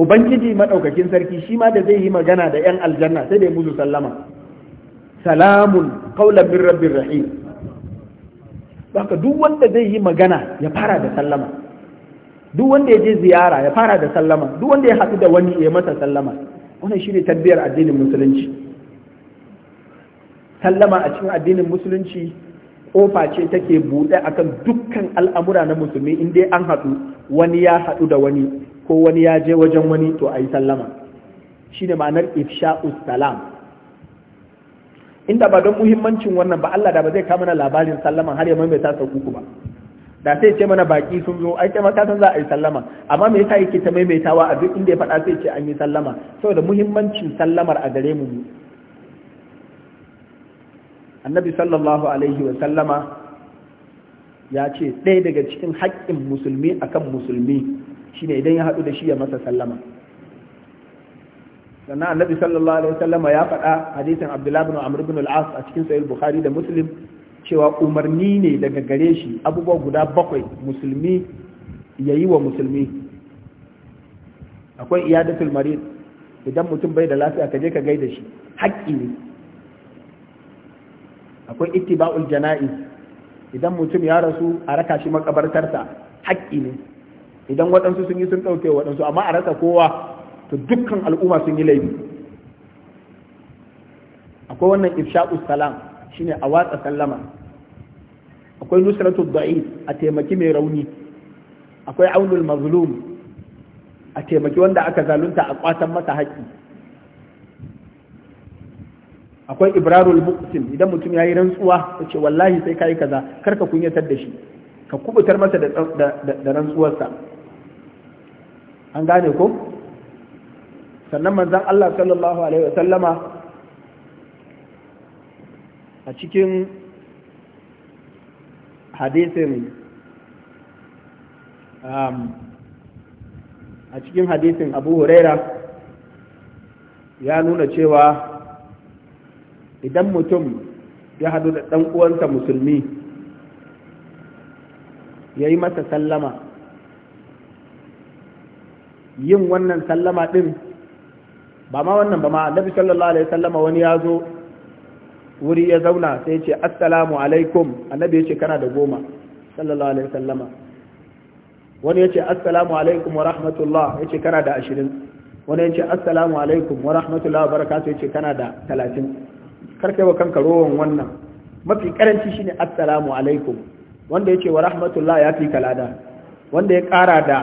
ubangiji maɗaukakin sarki shi ma da zai yi magana da 'yan aljanna sai da ya musu sallama salamun kaulan min rabbir rahim duk wanda zai yi magana ya fara da sallama duk wanda ya je ziyara ya fara da sallama duk wanda ya haɗu da wani ya masa sallama wannan shi ne tarbiyar addinin musulunci sallama a cikin addinin musulunci kofa ce take buɗe akan dukkan al'amura na musulmi in dai an haɗu wani ya haɗu da wani ko wani ya je wajen wani to a yi sallama shi ne ma'anar ifsha'us salam inda ba don muhimmancin wannan ba Allah da ba zai kama na labarin sallama har ya maimaita sau uku ba da sai ce mana baki sun zo ai kai ma san za a yi sallama amma me yasa yake ta maimaitawa a duk inda ya faɗa sai ce an yi sallama saboda muhimmancin sallamar a gare mu annabi sallallahu alaihi wa sallama ya ce ɗaya daga cikin haƙƙin musulmi akan musulmi shine idan ya haɗu da shi ya masa sallama sannan annabi sallallahu alaihi wa sallama ya faɗa hadisin abdullahi bin amr bin al-as a cikin sahih bukhari da muslim cewa umarni ne daga gare shi abubuwa guda bakwai musulmi ya yi wa musulmi akwai iyadatul marid idan mutum bai da lafiya ka je ka gaida shi haƙƙi ne akwai ittiba'ul jana'i idan mutum ya rasu a raka shi makabartarsa haƙƙi ne idan waɗansu sun yi sun ɗauke waɗansu amma a rasa kowa to dukkan al'umma sun yi laifi akwai wannan ifsha'us salam shine a watsa sallama akwai nusratu da'if a taimaki mai rauni akwai aunul mazlum a taimaki wanda aka zalunta a kwatan masa haƙƙi akwai ibrarul muqsim idan mutum yayi rantsuwa yace wallahi sai kai kaza karka kunyatar da shi ka kubutar masa da da rantsuwarsa an gane ko sannan manzon Allah sallallahu alaihi wasallama a cikin hadisin um, a cikin hadisin abu huraira ya nuna cewa idan mutum ya hadu da ɗan'uwanta uwansa musulmi ya yi masa sallama yin wannan sallama ɗin ba ma wannan ba ma annabi sallallahu alaihi sallama wani ya zo wuri ya zauna sai ce assalamu alaikum annabi ya ce kana da goma sallallahu alaihi wasallama wani ya ce assalamu alaikum wa rahmatullah ya ce kana da ashirin wani ya ce assalamu alaikum wa rahmatullah wa barakatu ya ce kana da talatin karkai wa kanka rowan wannan mafi karanci shine assalamu alaikum wanda ya ce wa rahmatullah ya fi kalada wanda ya kara da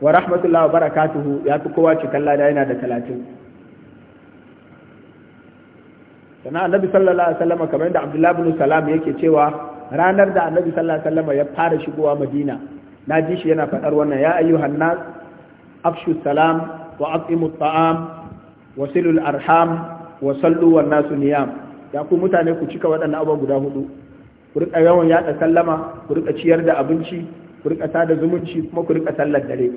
wa rahmatullah wa barakatuhu ya fi kowa cikin lada yana da talatin sannan annabi sallallahu alaihi wasallam kamar yadda abdullahi ibn salam yake cewa ranar da annabi sallallahu alaihi wasallam ya fara shigowa madina na ji shi yana faɗar wannan ya ayyuhan nas afshu salam wa aqimu ta'am wa silul arham wa sallu wan nasu niyam ya ku mutane ku cika waɗannan abubuwa guda hudu ku rika yawan yada sallama ku rika ciyar da abinci ku rika sada zumunci kuma ku rika sallar dare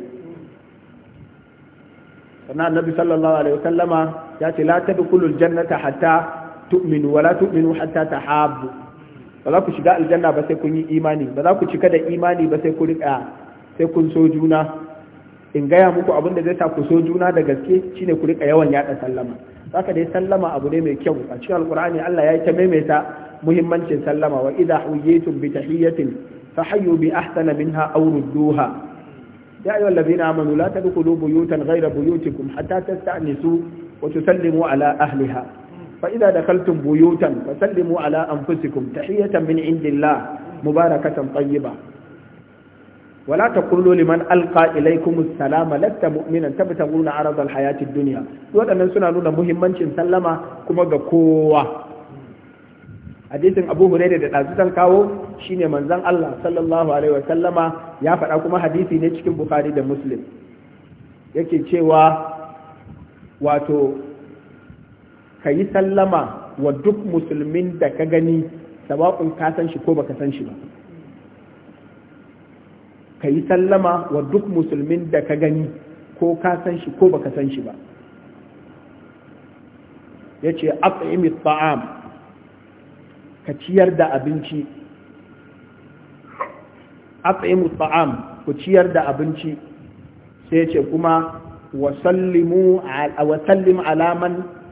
sannan annabi sallallahu alaihi wasallama ya ce la tadkhulul jannata hatta tu'minu wala tu'minu hatta tahabbu ba za ku shiga aljanna ba sai kun yi imani ba za ku cika da imani ba sai ku rika sai kun so juna in gaya muku abin da zai sa ku so juna da gaske shine ku rika yawan yada sallama zaka dai sallama abu ne mai kyau a cikin alqur'ani Allah ya yi ta maimaita muhimmancin sallama wa idha huyyitum bi tahiyyatin fahayyu bi ahsana minha aw rudduha ya ayyuhal ladhina gaira la tadkhulu buyutan ta buyutikum hatta tasta'nisu wa tusallimu ala ahliha فإذا دخلتم بيوتا فسلموا على أنفسكم تحية من عند الله مباركة طيبة ولا تقولوا لمن ألقى إليكم السلام لست مؤمنا تبتغون عرض الحياة الدنيا وأن سنة نونا مهمة سلم كما قوة hadisin abu hurairah da ɗazu kawo shine manzon Allah sallallahu alaihi wasallama ya faɗa kuma hadisi ne cikin bukhari da muslim yake cewa wato ka yi sallama wa duk musulmin da ka gani sabakun ka san shi ko ka san shi ba ka yi sallama wa duk musulmin da ka gani ko ka san shi ko ka san shi ba ya ce at'imi ta'am ka ciyar da abinci at'imi ta'am ku ciyar da abinci sai ce kuma wa sallimu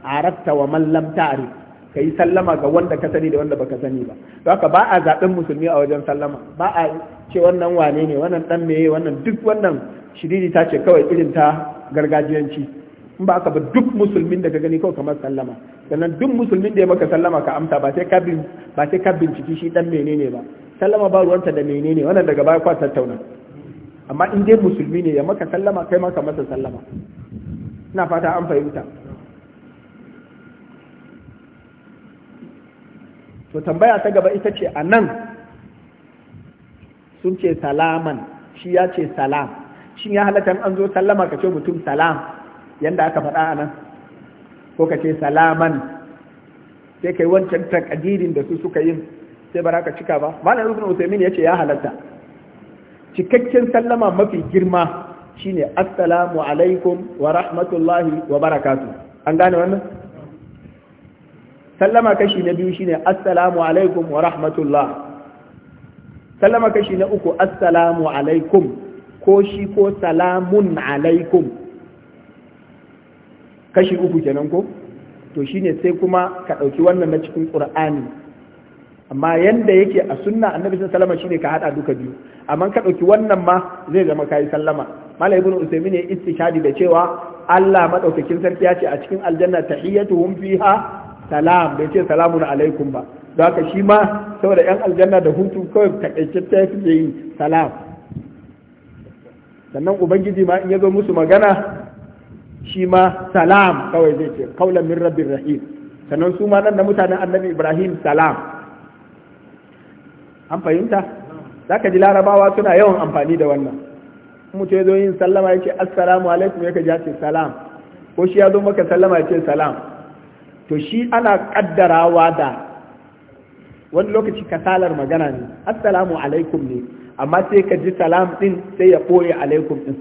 arafta wa man lam ta'rif kai sallama ga wanda ka sani da wanda baka sani ba haka ba a zaben musulmi a wajen sallama ba a ce wannan wane ne wannan dan meye wannan duk wannan shiriri ta ce kawai irin ta gargajiyanci in ba aka ba duk musulmin da ka gani kawai kamar sallama sannan duk musulmin da ya maka sallama ka amsa ba sai ka bin ba sai ka binciki shi dan menene ba sallama ba ruwanta da menene wannan daga baya kwa tattauna amma in dai musulmi ne ya maka sallama kai maka masa sallama ina fata an fahimta to tambaya ta gaba ita ce a nan sun ce salaman shi ya ce salam shi ya halatta an zo sallama ka ce mutum salam yadda aka faɗa a nan ko ka ce salaman sai ka yi wancan takadirin da su suka yin sai ba ka cika ba malam rufin usaimin ya ce ya halatta cikakken sallama mafi girma shine assalamu alaikum wa rahmatullahi wa barakatuh an gane wannan sallama kashi na biyu shine assalamu alaikum wa rahmatullah sallama kashi na uku assalamu alaikum ko shi ko salamun alaikum kashi uku kenan ko to shine sai kuma ka ɗauki wannan na cikin ƙur'ani amma yadda yake a sunna annabi sun sallama shine ka haɗa duka biyu amma ka ɗauki wannan ma zai zama kayi sallama mala ibnu usaymin ya istishadi da cewa Allah maɗaukakin sarki ya ce a cikin aljanna tahiyyatuhum fiha salam bai ce salamun alaikum ba don haka shi ma saboda yan aljanna da hutu kawai takaice ta suke yi salam sannan ubangiji ma in ya zo musu magana shi ma salam kawai zai ce kaulan min rabbin rahim sannan su ma nan da mutanen annabi ibrahim salam an fahimta za ka ji larabawa suna yawan amfani da wannan mutum ya zo yin sallama ya ce assalamu alaikum ya ka ji ce salam ko shi ya zo maka sallama ya ce salam to shi ana kaddarawa da wani lokaci kasalar magana ne assalamu alaikum ne amma sai ka ji salam din sai ya ɓoye alaikum din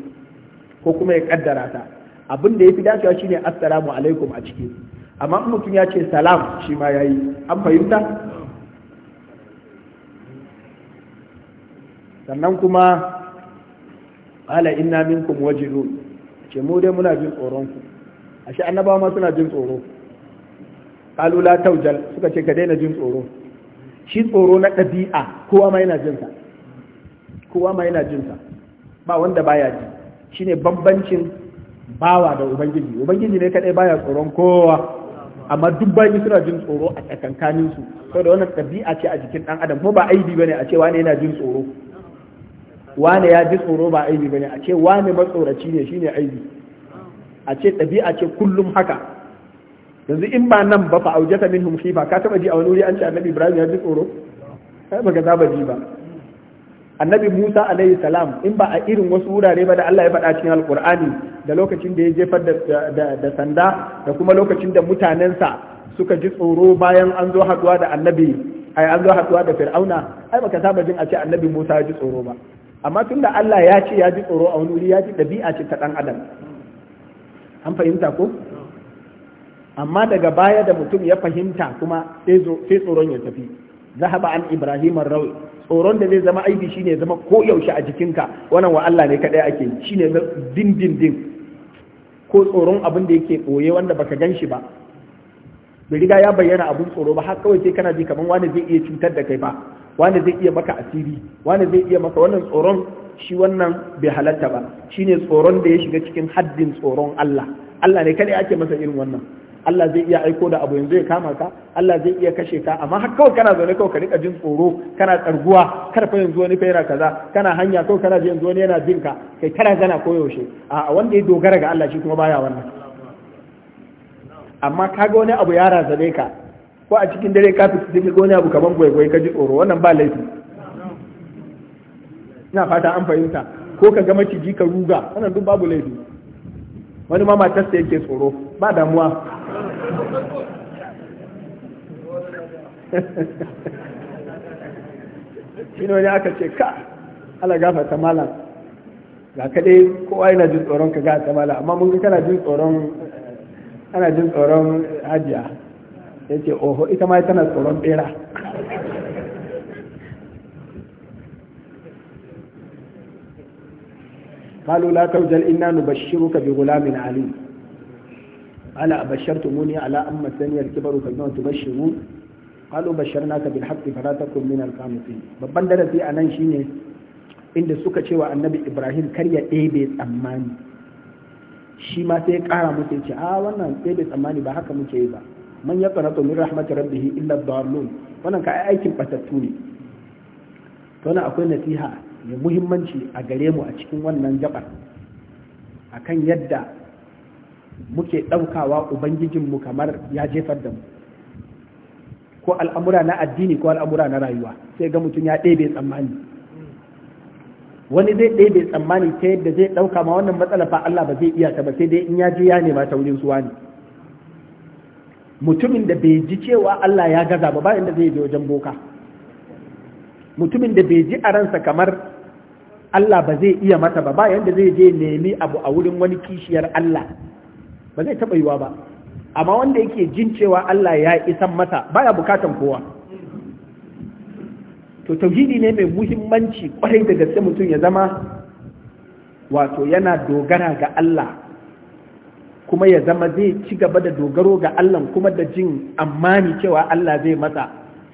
ko kuma ya kaddara ta abin da ya fi dacewa shine assalamu alaikum a ciki amma in mutum ya ce salam shi ma ya yi an fahimta sannan kuma ala inna minkum wajilun ce mu dai muna jin tsoronku ashe annabawa ma suna jin tsoro qalu la taujal suka ce ka daina jin tsoro shi tsoro na ɗabi'a kowa ma yana jinsa kowa ma yana jinsa ba wanda baya ji shine bambancin bawa da ubangiji ubangiji ne kadai baya tsoron kowa amma duk bayi suna jin tsoro a tsakankanin su saboda wannan ɗabi'a ce a jikin ɗan adam kuma ba aibi bane a ce wane yana jin tsoro wane ya ji tsoro ba aibi bane a ce wane matsoraci ne shine aibi a ce ɗabi'a ce kullum haka yanzu in ba nan ba fa aujata minhum khifa ka taba ji a wani wuri an ce annabi ibrahim ya ji tsoro kai baka ba ji ba annabi musa alaihi salam in ba a irin wasu wurare ba da Allah ya faɗa cikin alqur'ani da lokacin da ya jefar da sanda da kuma lokacin da mutanensa suka ji tsoro bayan an zo haduwa da annabi ai an zo haduwa da fir'auna ai baka saba jin a ce annabi musa ya ji tsoro ba amma tunda Allah ya ce ya ji tsoro a wani wuri ya ji ɗabi'a ce ta ɗan adam an fahimta ko amma daga baya da mutum ya fahimta kuma sai tsoron ya tafi zahaba an ibrahim rawi tsoron da zai zama aibi shine zama ko yaushe a jikinka wannan wa Allah ne kadai ake shine din din din ko tsoron abin da yake boye wanda baka gan shi ba bai riga ya bayyana abun tsoro ba har kawai sai kana ji kaman wani zai iya cutar da kai ba wani zai iya maka asiri wani zai iya maka wannan tsoron shi wannan bai halatta ba shine tsoron da ya shiga cikin haddin tsoron Allah Allah ne kadai ake masa irin wannan Allah zai iya aiko da abu yanzu ya kama ka Allah zai iya kashe ka amma har kawai kana zaune kawai ka rika jin tsoro kana tsarguwa kar fa yanzu wani kaza kana hanya kawai kana yanzu wani yana bin ka kai kana gana yaushe a wanda ya dogara ga Allah shi kuma baya wannan amma kaga wani abu ya razane ka ko a cikin dare ka fita cikin wani abu kaman gwaigwai ka ji tsoro wannan ba laifi ina fata an fahimta ko ka ga maciji ka ruga wannan duk babu laifi wani ma matarsa yake tsoro ba damuwa [LAUGHS] shi ne wani aka ce ka ala ta malam ga kaɗai kowa yana jin tsoron ka ga ta malam amma mun ga kana jin tsoron ana jin tsoron hajiya ya oho ita ma tana tsoron bera قالوا لا توجل إنا نبشرك بغلام عليم قال أبشرتموني على أما الثانية الكبر فبما تبشرون قالوا بشرناك بالحق فلا تكن من القانطين babban darasi anan nan shine inda suka cewa annabi Ibrahim kar ya ɗebe tsammani shi ma sai ya ƙara musu ce a wannan ɗebe tsammani ba haka muke yi ba man ya qanatu min rahmatir rabbih illa wannan ka aikin batattu ne to akwai nasiha mai muhimmanci a gare mu a cikin wannan jabar a kan yadda muke ɗaukawa ubangijinmu kamar ya jefar da mu ko al'amura na addini ko al'amura na rayuwa sai ga mutum ya ɗebe tsammani wani zai ɗebe tsammani ta yadda zai ɗauka ma wannan matsala fa Allah ba zai iya ta ba sai dai in ya je ya nema ta wurin suwa ne mutumin da bai ji cewa Allah ya gaza ba bayan da zai je wajen boka mutumin da bai ji a ransa kamar Allah ba zai iya mata ba bayan da zai je nemi abu a wurin wani kishiyar Allah ba zai taɓa yiwa ba amma wanda yake jin cewa Allah ya isan mata baya bukatan kowa to tauhidi ne mai muhimmanci kwarai da gaske mutum ya zama wato yana dogara ga Allah kuma ya zama zai ci gaba da dogaro ga Allah kuma da jin amani cewa Allah zai masa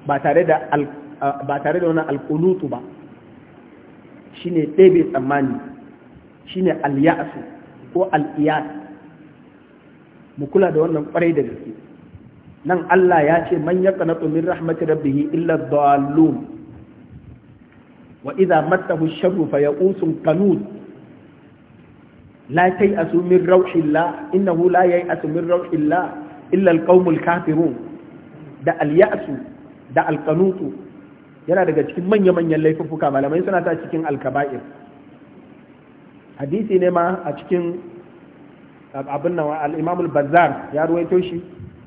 ba tare da ba tare da wani alƙulutu ba shine ɗebe tsammani shine alyasu ko al'iyas mu kula da wannan kwarai da gaske nan Allah ya ce man yaqnatu min rahmati rabbih illa dhallun wa idza mattahu ash-sharru fayaqusun qanud la tayasu min rawhillah innahu la yayasu min rawhillah illa al-qaumul kafirun da alyasu da al yana daga cikin manya-manyan laifuffuka malamai suna ta cikin alkaba'ir hadisi ne ma a cikin abin nan al-imam bazzar ya ruwaito shi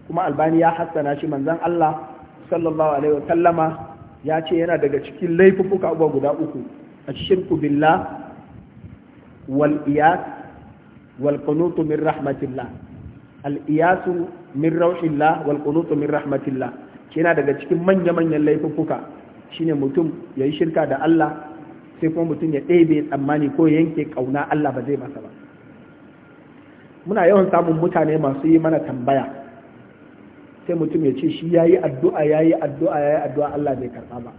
kuma albani ya hassana shi manzon Allah sallallahu alaihi wa sallama ya ce yana daga cikin laifuffuka uba guda uku ashirku billah wal iyas wal qunutu min rahmatillah al iyas min rawhillah wal qunutu min rahmatillah yana daga cikin manya-manyan laifuffuka shine mutum ya yi shirka da Allah sai kuma mutum ya ɗebe tsammani ko yanke ƙauna Allah ba zai masa ba muna yawan samun mutane masu yi mana tambaya sai mutum ya ce shi ya yi addu'a ya yi addu'a ya yi addu'a Allah bai karɓa ba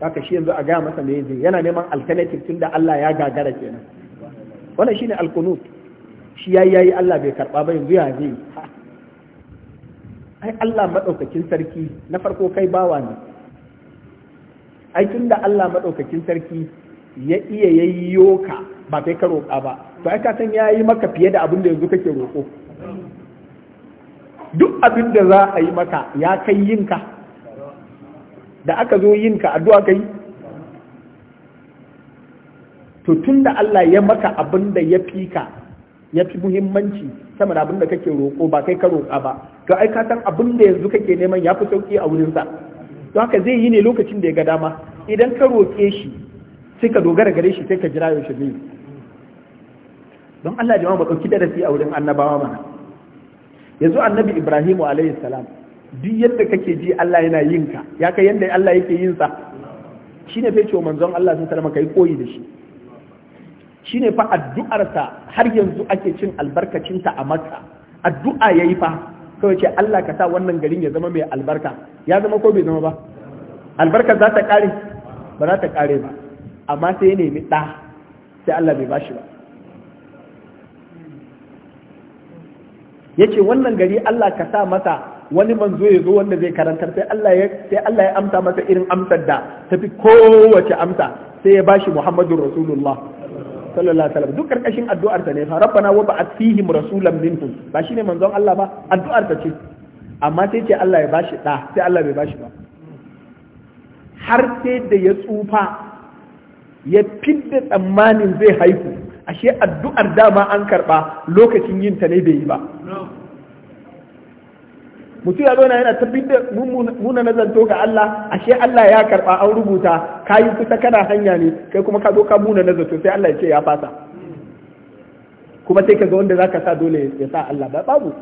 haka shi yanzu a gaya masa me zai yana neman alternative tun da Allah ya gagara kenan wannan shine alkunut shi ya yi ya yi Allah bai karɓa ba yanzu ya zai ai Allah maɗaukacin sarki na farko kai bawa ne ai tun da Allah maɗaukakin sarki ya iya yayyo ka ba kai ka roƙa ba to ai ka san ya yi maka fiye da abin da yanzu kake roƙo duk abin da za a yi maka ya kai yinka da aka zo yinka addu'a kai to tun da Allah ya maka abin da ya fi ka ya fi muhimmanci sama da abin da kake roƙo ba kai ka roƙa ba to ai ka san abin da yanzu kake neman ya fi sauki a wurinsa to haka zai yi ne lokacin da ya ga dama idan ka roƙe shi sai ka dogara gare shi sai ka jira yaushe zai don Allah jama'a ba ɗauki darasi a wurin annabawa mana yanzu annabi Ibrahim alayhi salam duk yadda kake ji Allah yana yin ka ya kai yadda Allah yake yin sa shine fa cewa manzon Allah sun ka kai koyi da shi shine fa addu'arsa har yanzu ake cin albarkacinta a Makka addu'a yayi fa kawai ce Allah ka sa wannan garin ya zama mai albarka ya zama ko bai zama ba albarka za ta kare ba za ta kare ba amma sai ya nemi ɗa sai Allah bai bashi ba yace wannan gari Allah ka sa masa wani manzo ya zo wanda zai karantar sai Allah ya sai Allah ya amsa masa irin amsar da tafi kowace amsa sai ya bashi Muhammadur Rasulullah sallallahu alaihi wasallam duk karkashin addu'ar ta ne fa rabbana wa ba'ath fihim rasulan minhum ba shine manzon Allah ba addu'ar ta ce amma sai ce Allah ya bashi da sai Allah bai bashi ba har sai da ya tsufa ya fidda tsammanin zai haihu ashe addu'ar dama an karɓa lokacin yin ta ne bai yi ba mutum ya zauna yana tabbin da muna nazanto ga Allah ashe Allah ya karɓa an rubuta ka kusa kana hanya ne kai kuma ka zo ka muna nazanto sai Allah ya ce ya fasa kuma sai ka ga wanda za ka sa dole ya sa Allah ba babu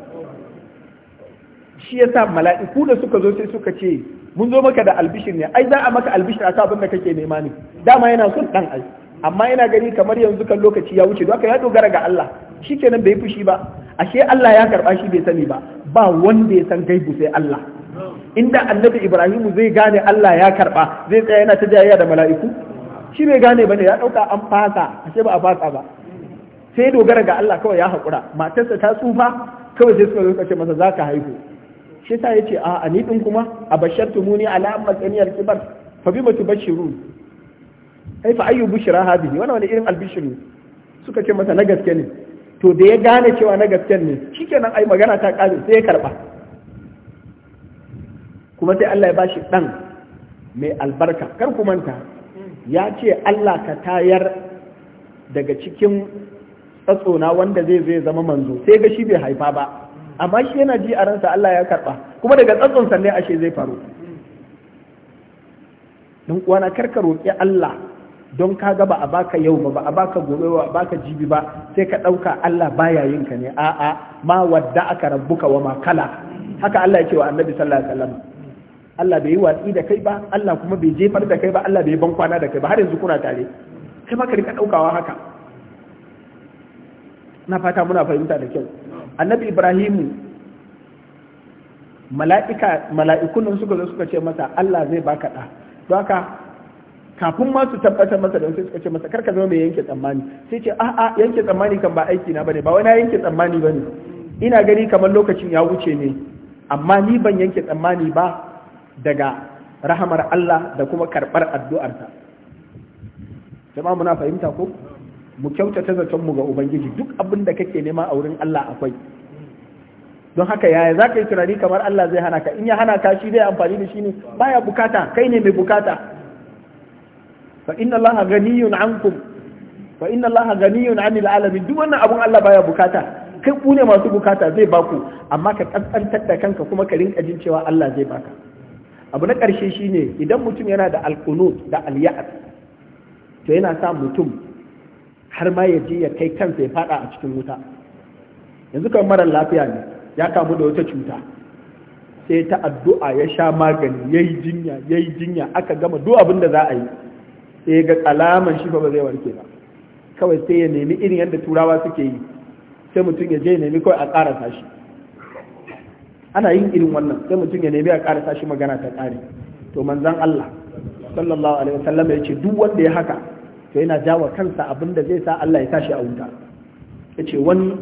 shi ya sa mala'iku da suka zo sai suka ce mun zo maka da albishir ne ai za a maka albishir a abin da kake nema ne dama yana son dan ai amma yana gani kamar yanzu kan lokaci ya wuce haka ya dogara ga Allah shi nan bai fushi ba ashe Allah ya karba shi bai sani ba ba wanda ya san gaibu sai Allah inda annabi Ibrahim zai gane Allah ya karba zai tsaya yana ta jayayya da mala'iku shi bai gane bane ya dauka an fasa ashe ba a fasa ba sai dogara ga Allah kawai ya haƙura matarsa ta tsufa kawai sai suka zo suka ce masa zaka haihu shi ya ce a ni din kuma abashartumuni ala amma matsaniyar kibar fa mutu tubashirun ai fa ayyu bushra hadhihi wannan wani irin albishiru suka ce masa na gaske ne to da ya gane cewa na gaske ne shikenan ai magana ta kare sai ya karba kuma sai Allah ya bashi ɗan mai albarka kar ku manta ya ce Allah ka tayar daga cikin tsatsona wanda zai zai zama manzo sai ga shi bai haifa ba amma shi yana ji a ransa Allah ya karba kuma daga tsatson ne ashe zai faru don uwana karka roƙi Allah don ka ga ba a baka yau ba ba a baka gobe ba a baka jibi ba sai ka ɗauka Allah baya yin ka ne a'a ma wadda aka rabbuka wa makala haka Allah ya ce wa annabi sallallahu alaihi wasallam Allah bai yi watsi da kai ba Allah kuma bai jefar da kai ba Allah bai ban kwana da kai ba har yanzu kuna tare kai ma ka rika ɗaukawa haka na fata muna fahimta da kyau annabi ibrahimu mala'ika mala'ikun suka zo suka ce masa Allah zai baka da don haka kafin ma su tabbatar masa da suka ce masa karka zama mai yanke tsammani sai ce a'a yanke tsammani kan ba aiki na bane ba wani yanke tsammani bane ina gani kamar lokacin ya wuce ne amma ni ban yanke tsammani ba daga rahamar Allah da kuma karɓar addu'arsa jama'a muna fahimta ko mu kyautata zaton mu ga ubangiji duk abin da kake nema a wurin Allah akwai don haka yaya za ka yi tunani kamar Allah zai hana ka in ya hana ka shi zai amfani da shi ne baya bukata kai ne mai bukata fa inna Allah ganiyun ankum fa inna Allah ganiyun anil alamin duk wannan abun Allah baya bukata kai ku ne masu bukata zai baku amma ka kaskantar da kanka kuma ka rinka jin cewa Allah zai baka abu na karshe shine idan mutum yana da alqunut da alya'at to yana sa mutum har ma ya jiya ya kai kansa ya fada a cikin wuta yanzu kan mara lafiya ne ya kamu da wata cuta sai ta addu'a ya sha magani ya yi jinya ya yi jinya aka gama duk abin da za a yi sai ga alaman shi ba zai warke ba kawai sai ya nemi irin yadda turawa suke yi sai mutum ya je ya nemi kawai a ƙara shi ana yin irin wannan sai mutum ya nemi a ƙara shi magana ta ƙare to manzan Allah sallallahu alaihi wasallam ya ce duk wanda ya haka to yana jawa kansa abin da zai sa Allah ya tashi a wuta yace wani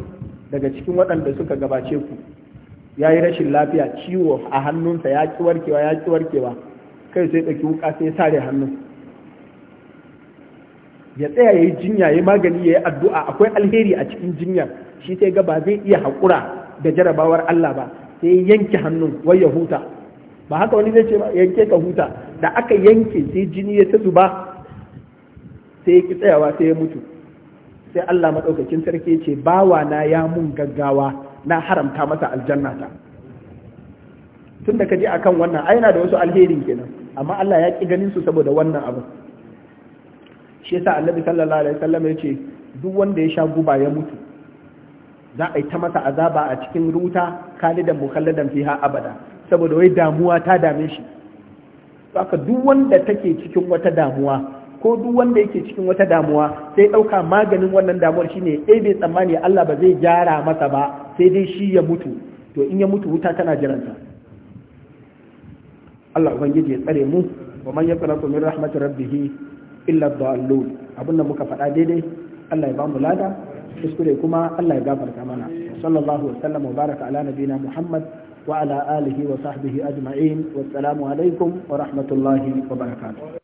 daga cikin waɗanda suka gabace ku ya yi rashin lafiya ciwo a hannunsa ya ki warkewa ya ki warkewa kai sai ɗauki wuka sai sare hannun ya tsaya ya yi jinya ya magani ya yi addu'a akwai alheri a cikin jinyar shi sai ga ba zai iya haƙura da jarabawar Allah ba sai ya yanke hannun wai ya huta ba haka wani zai ce ba yanke ka huta da aka yanke sai jini ya ta zuba sai ya ki tsayawa sai ya mutu sai Allah maɗaukakin sarki ce bawa na ya mun gaggawa na haramta masa aljanna ta. tun da ka je akan wannan ai na da wasu alherin kenan amma Allah ya ki ganin su saboda wannan abu shi yasa Annabi sallallahu alaihi wasallam ya ce duk wanda ya sha guba ya mutu za a yi ta masa azaba a cikin ruta kalidan mukalladan fiha abada saboda wai damuwa ta dame shi haka duk wanda take cikin wata damuwa ko duk wanda yake cikin wata damuwa sai ɗauka maganin wannan damuwar shine eh bai tsammani Allah ba zai gyara masa ba sai dai shi ya mutu to in ya mutu wuta tana jiransa Allah ubangiji ya tsare mu wa man yaqnatu min rahmatir rabbih illa dallun abinda muka faɗa daidai Allah ya ba lada kuskure kuma Allah ya gafarta mana sallallahu wasallam wa baraka ala nabina muhammad wa ala alihi wa sahbihi ajma'in wassalamu alaikum wa wa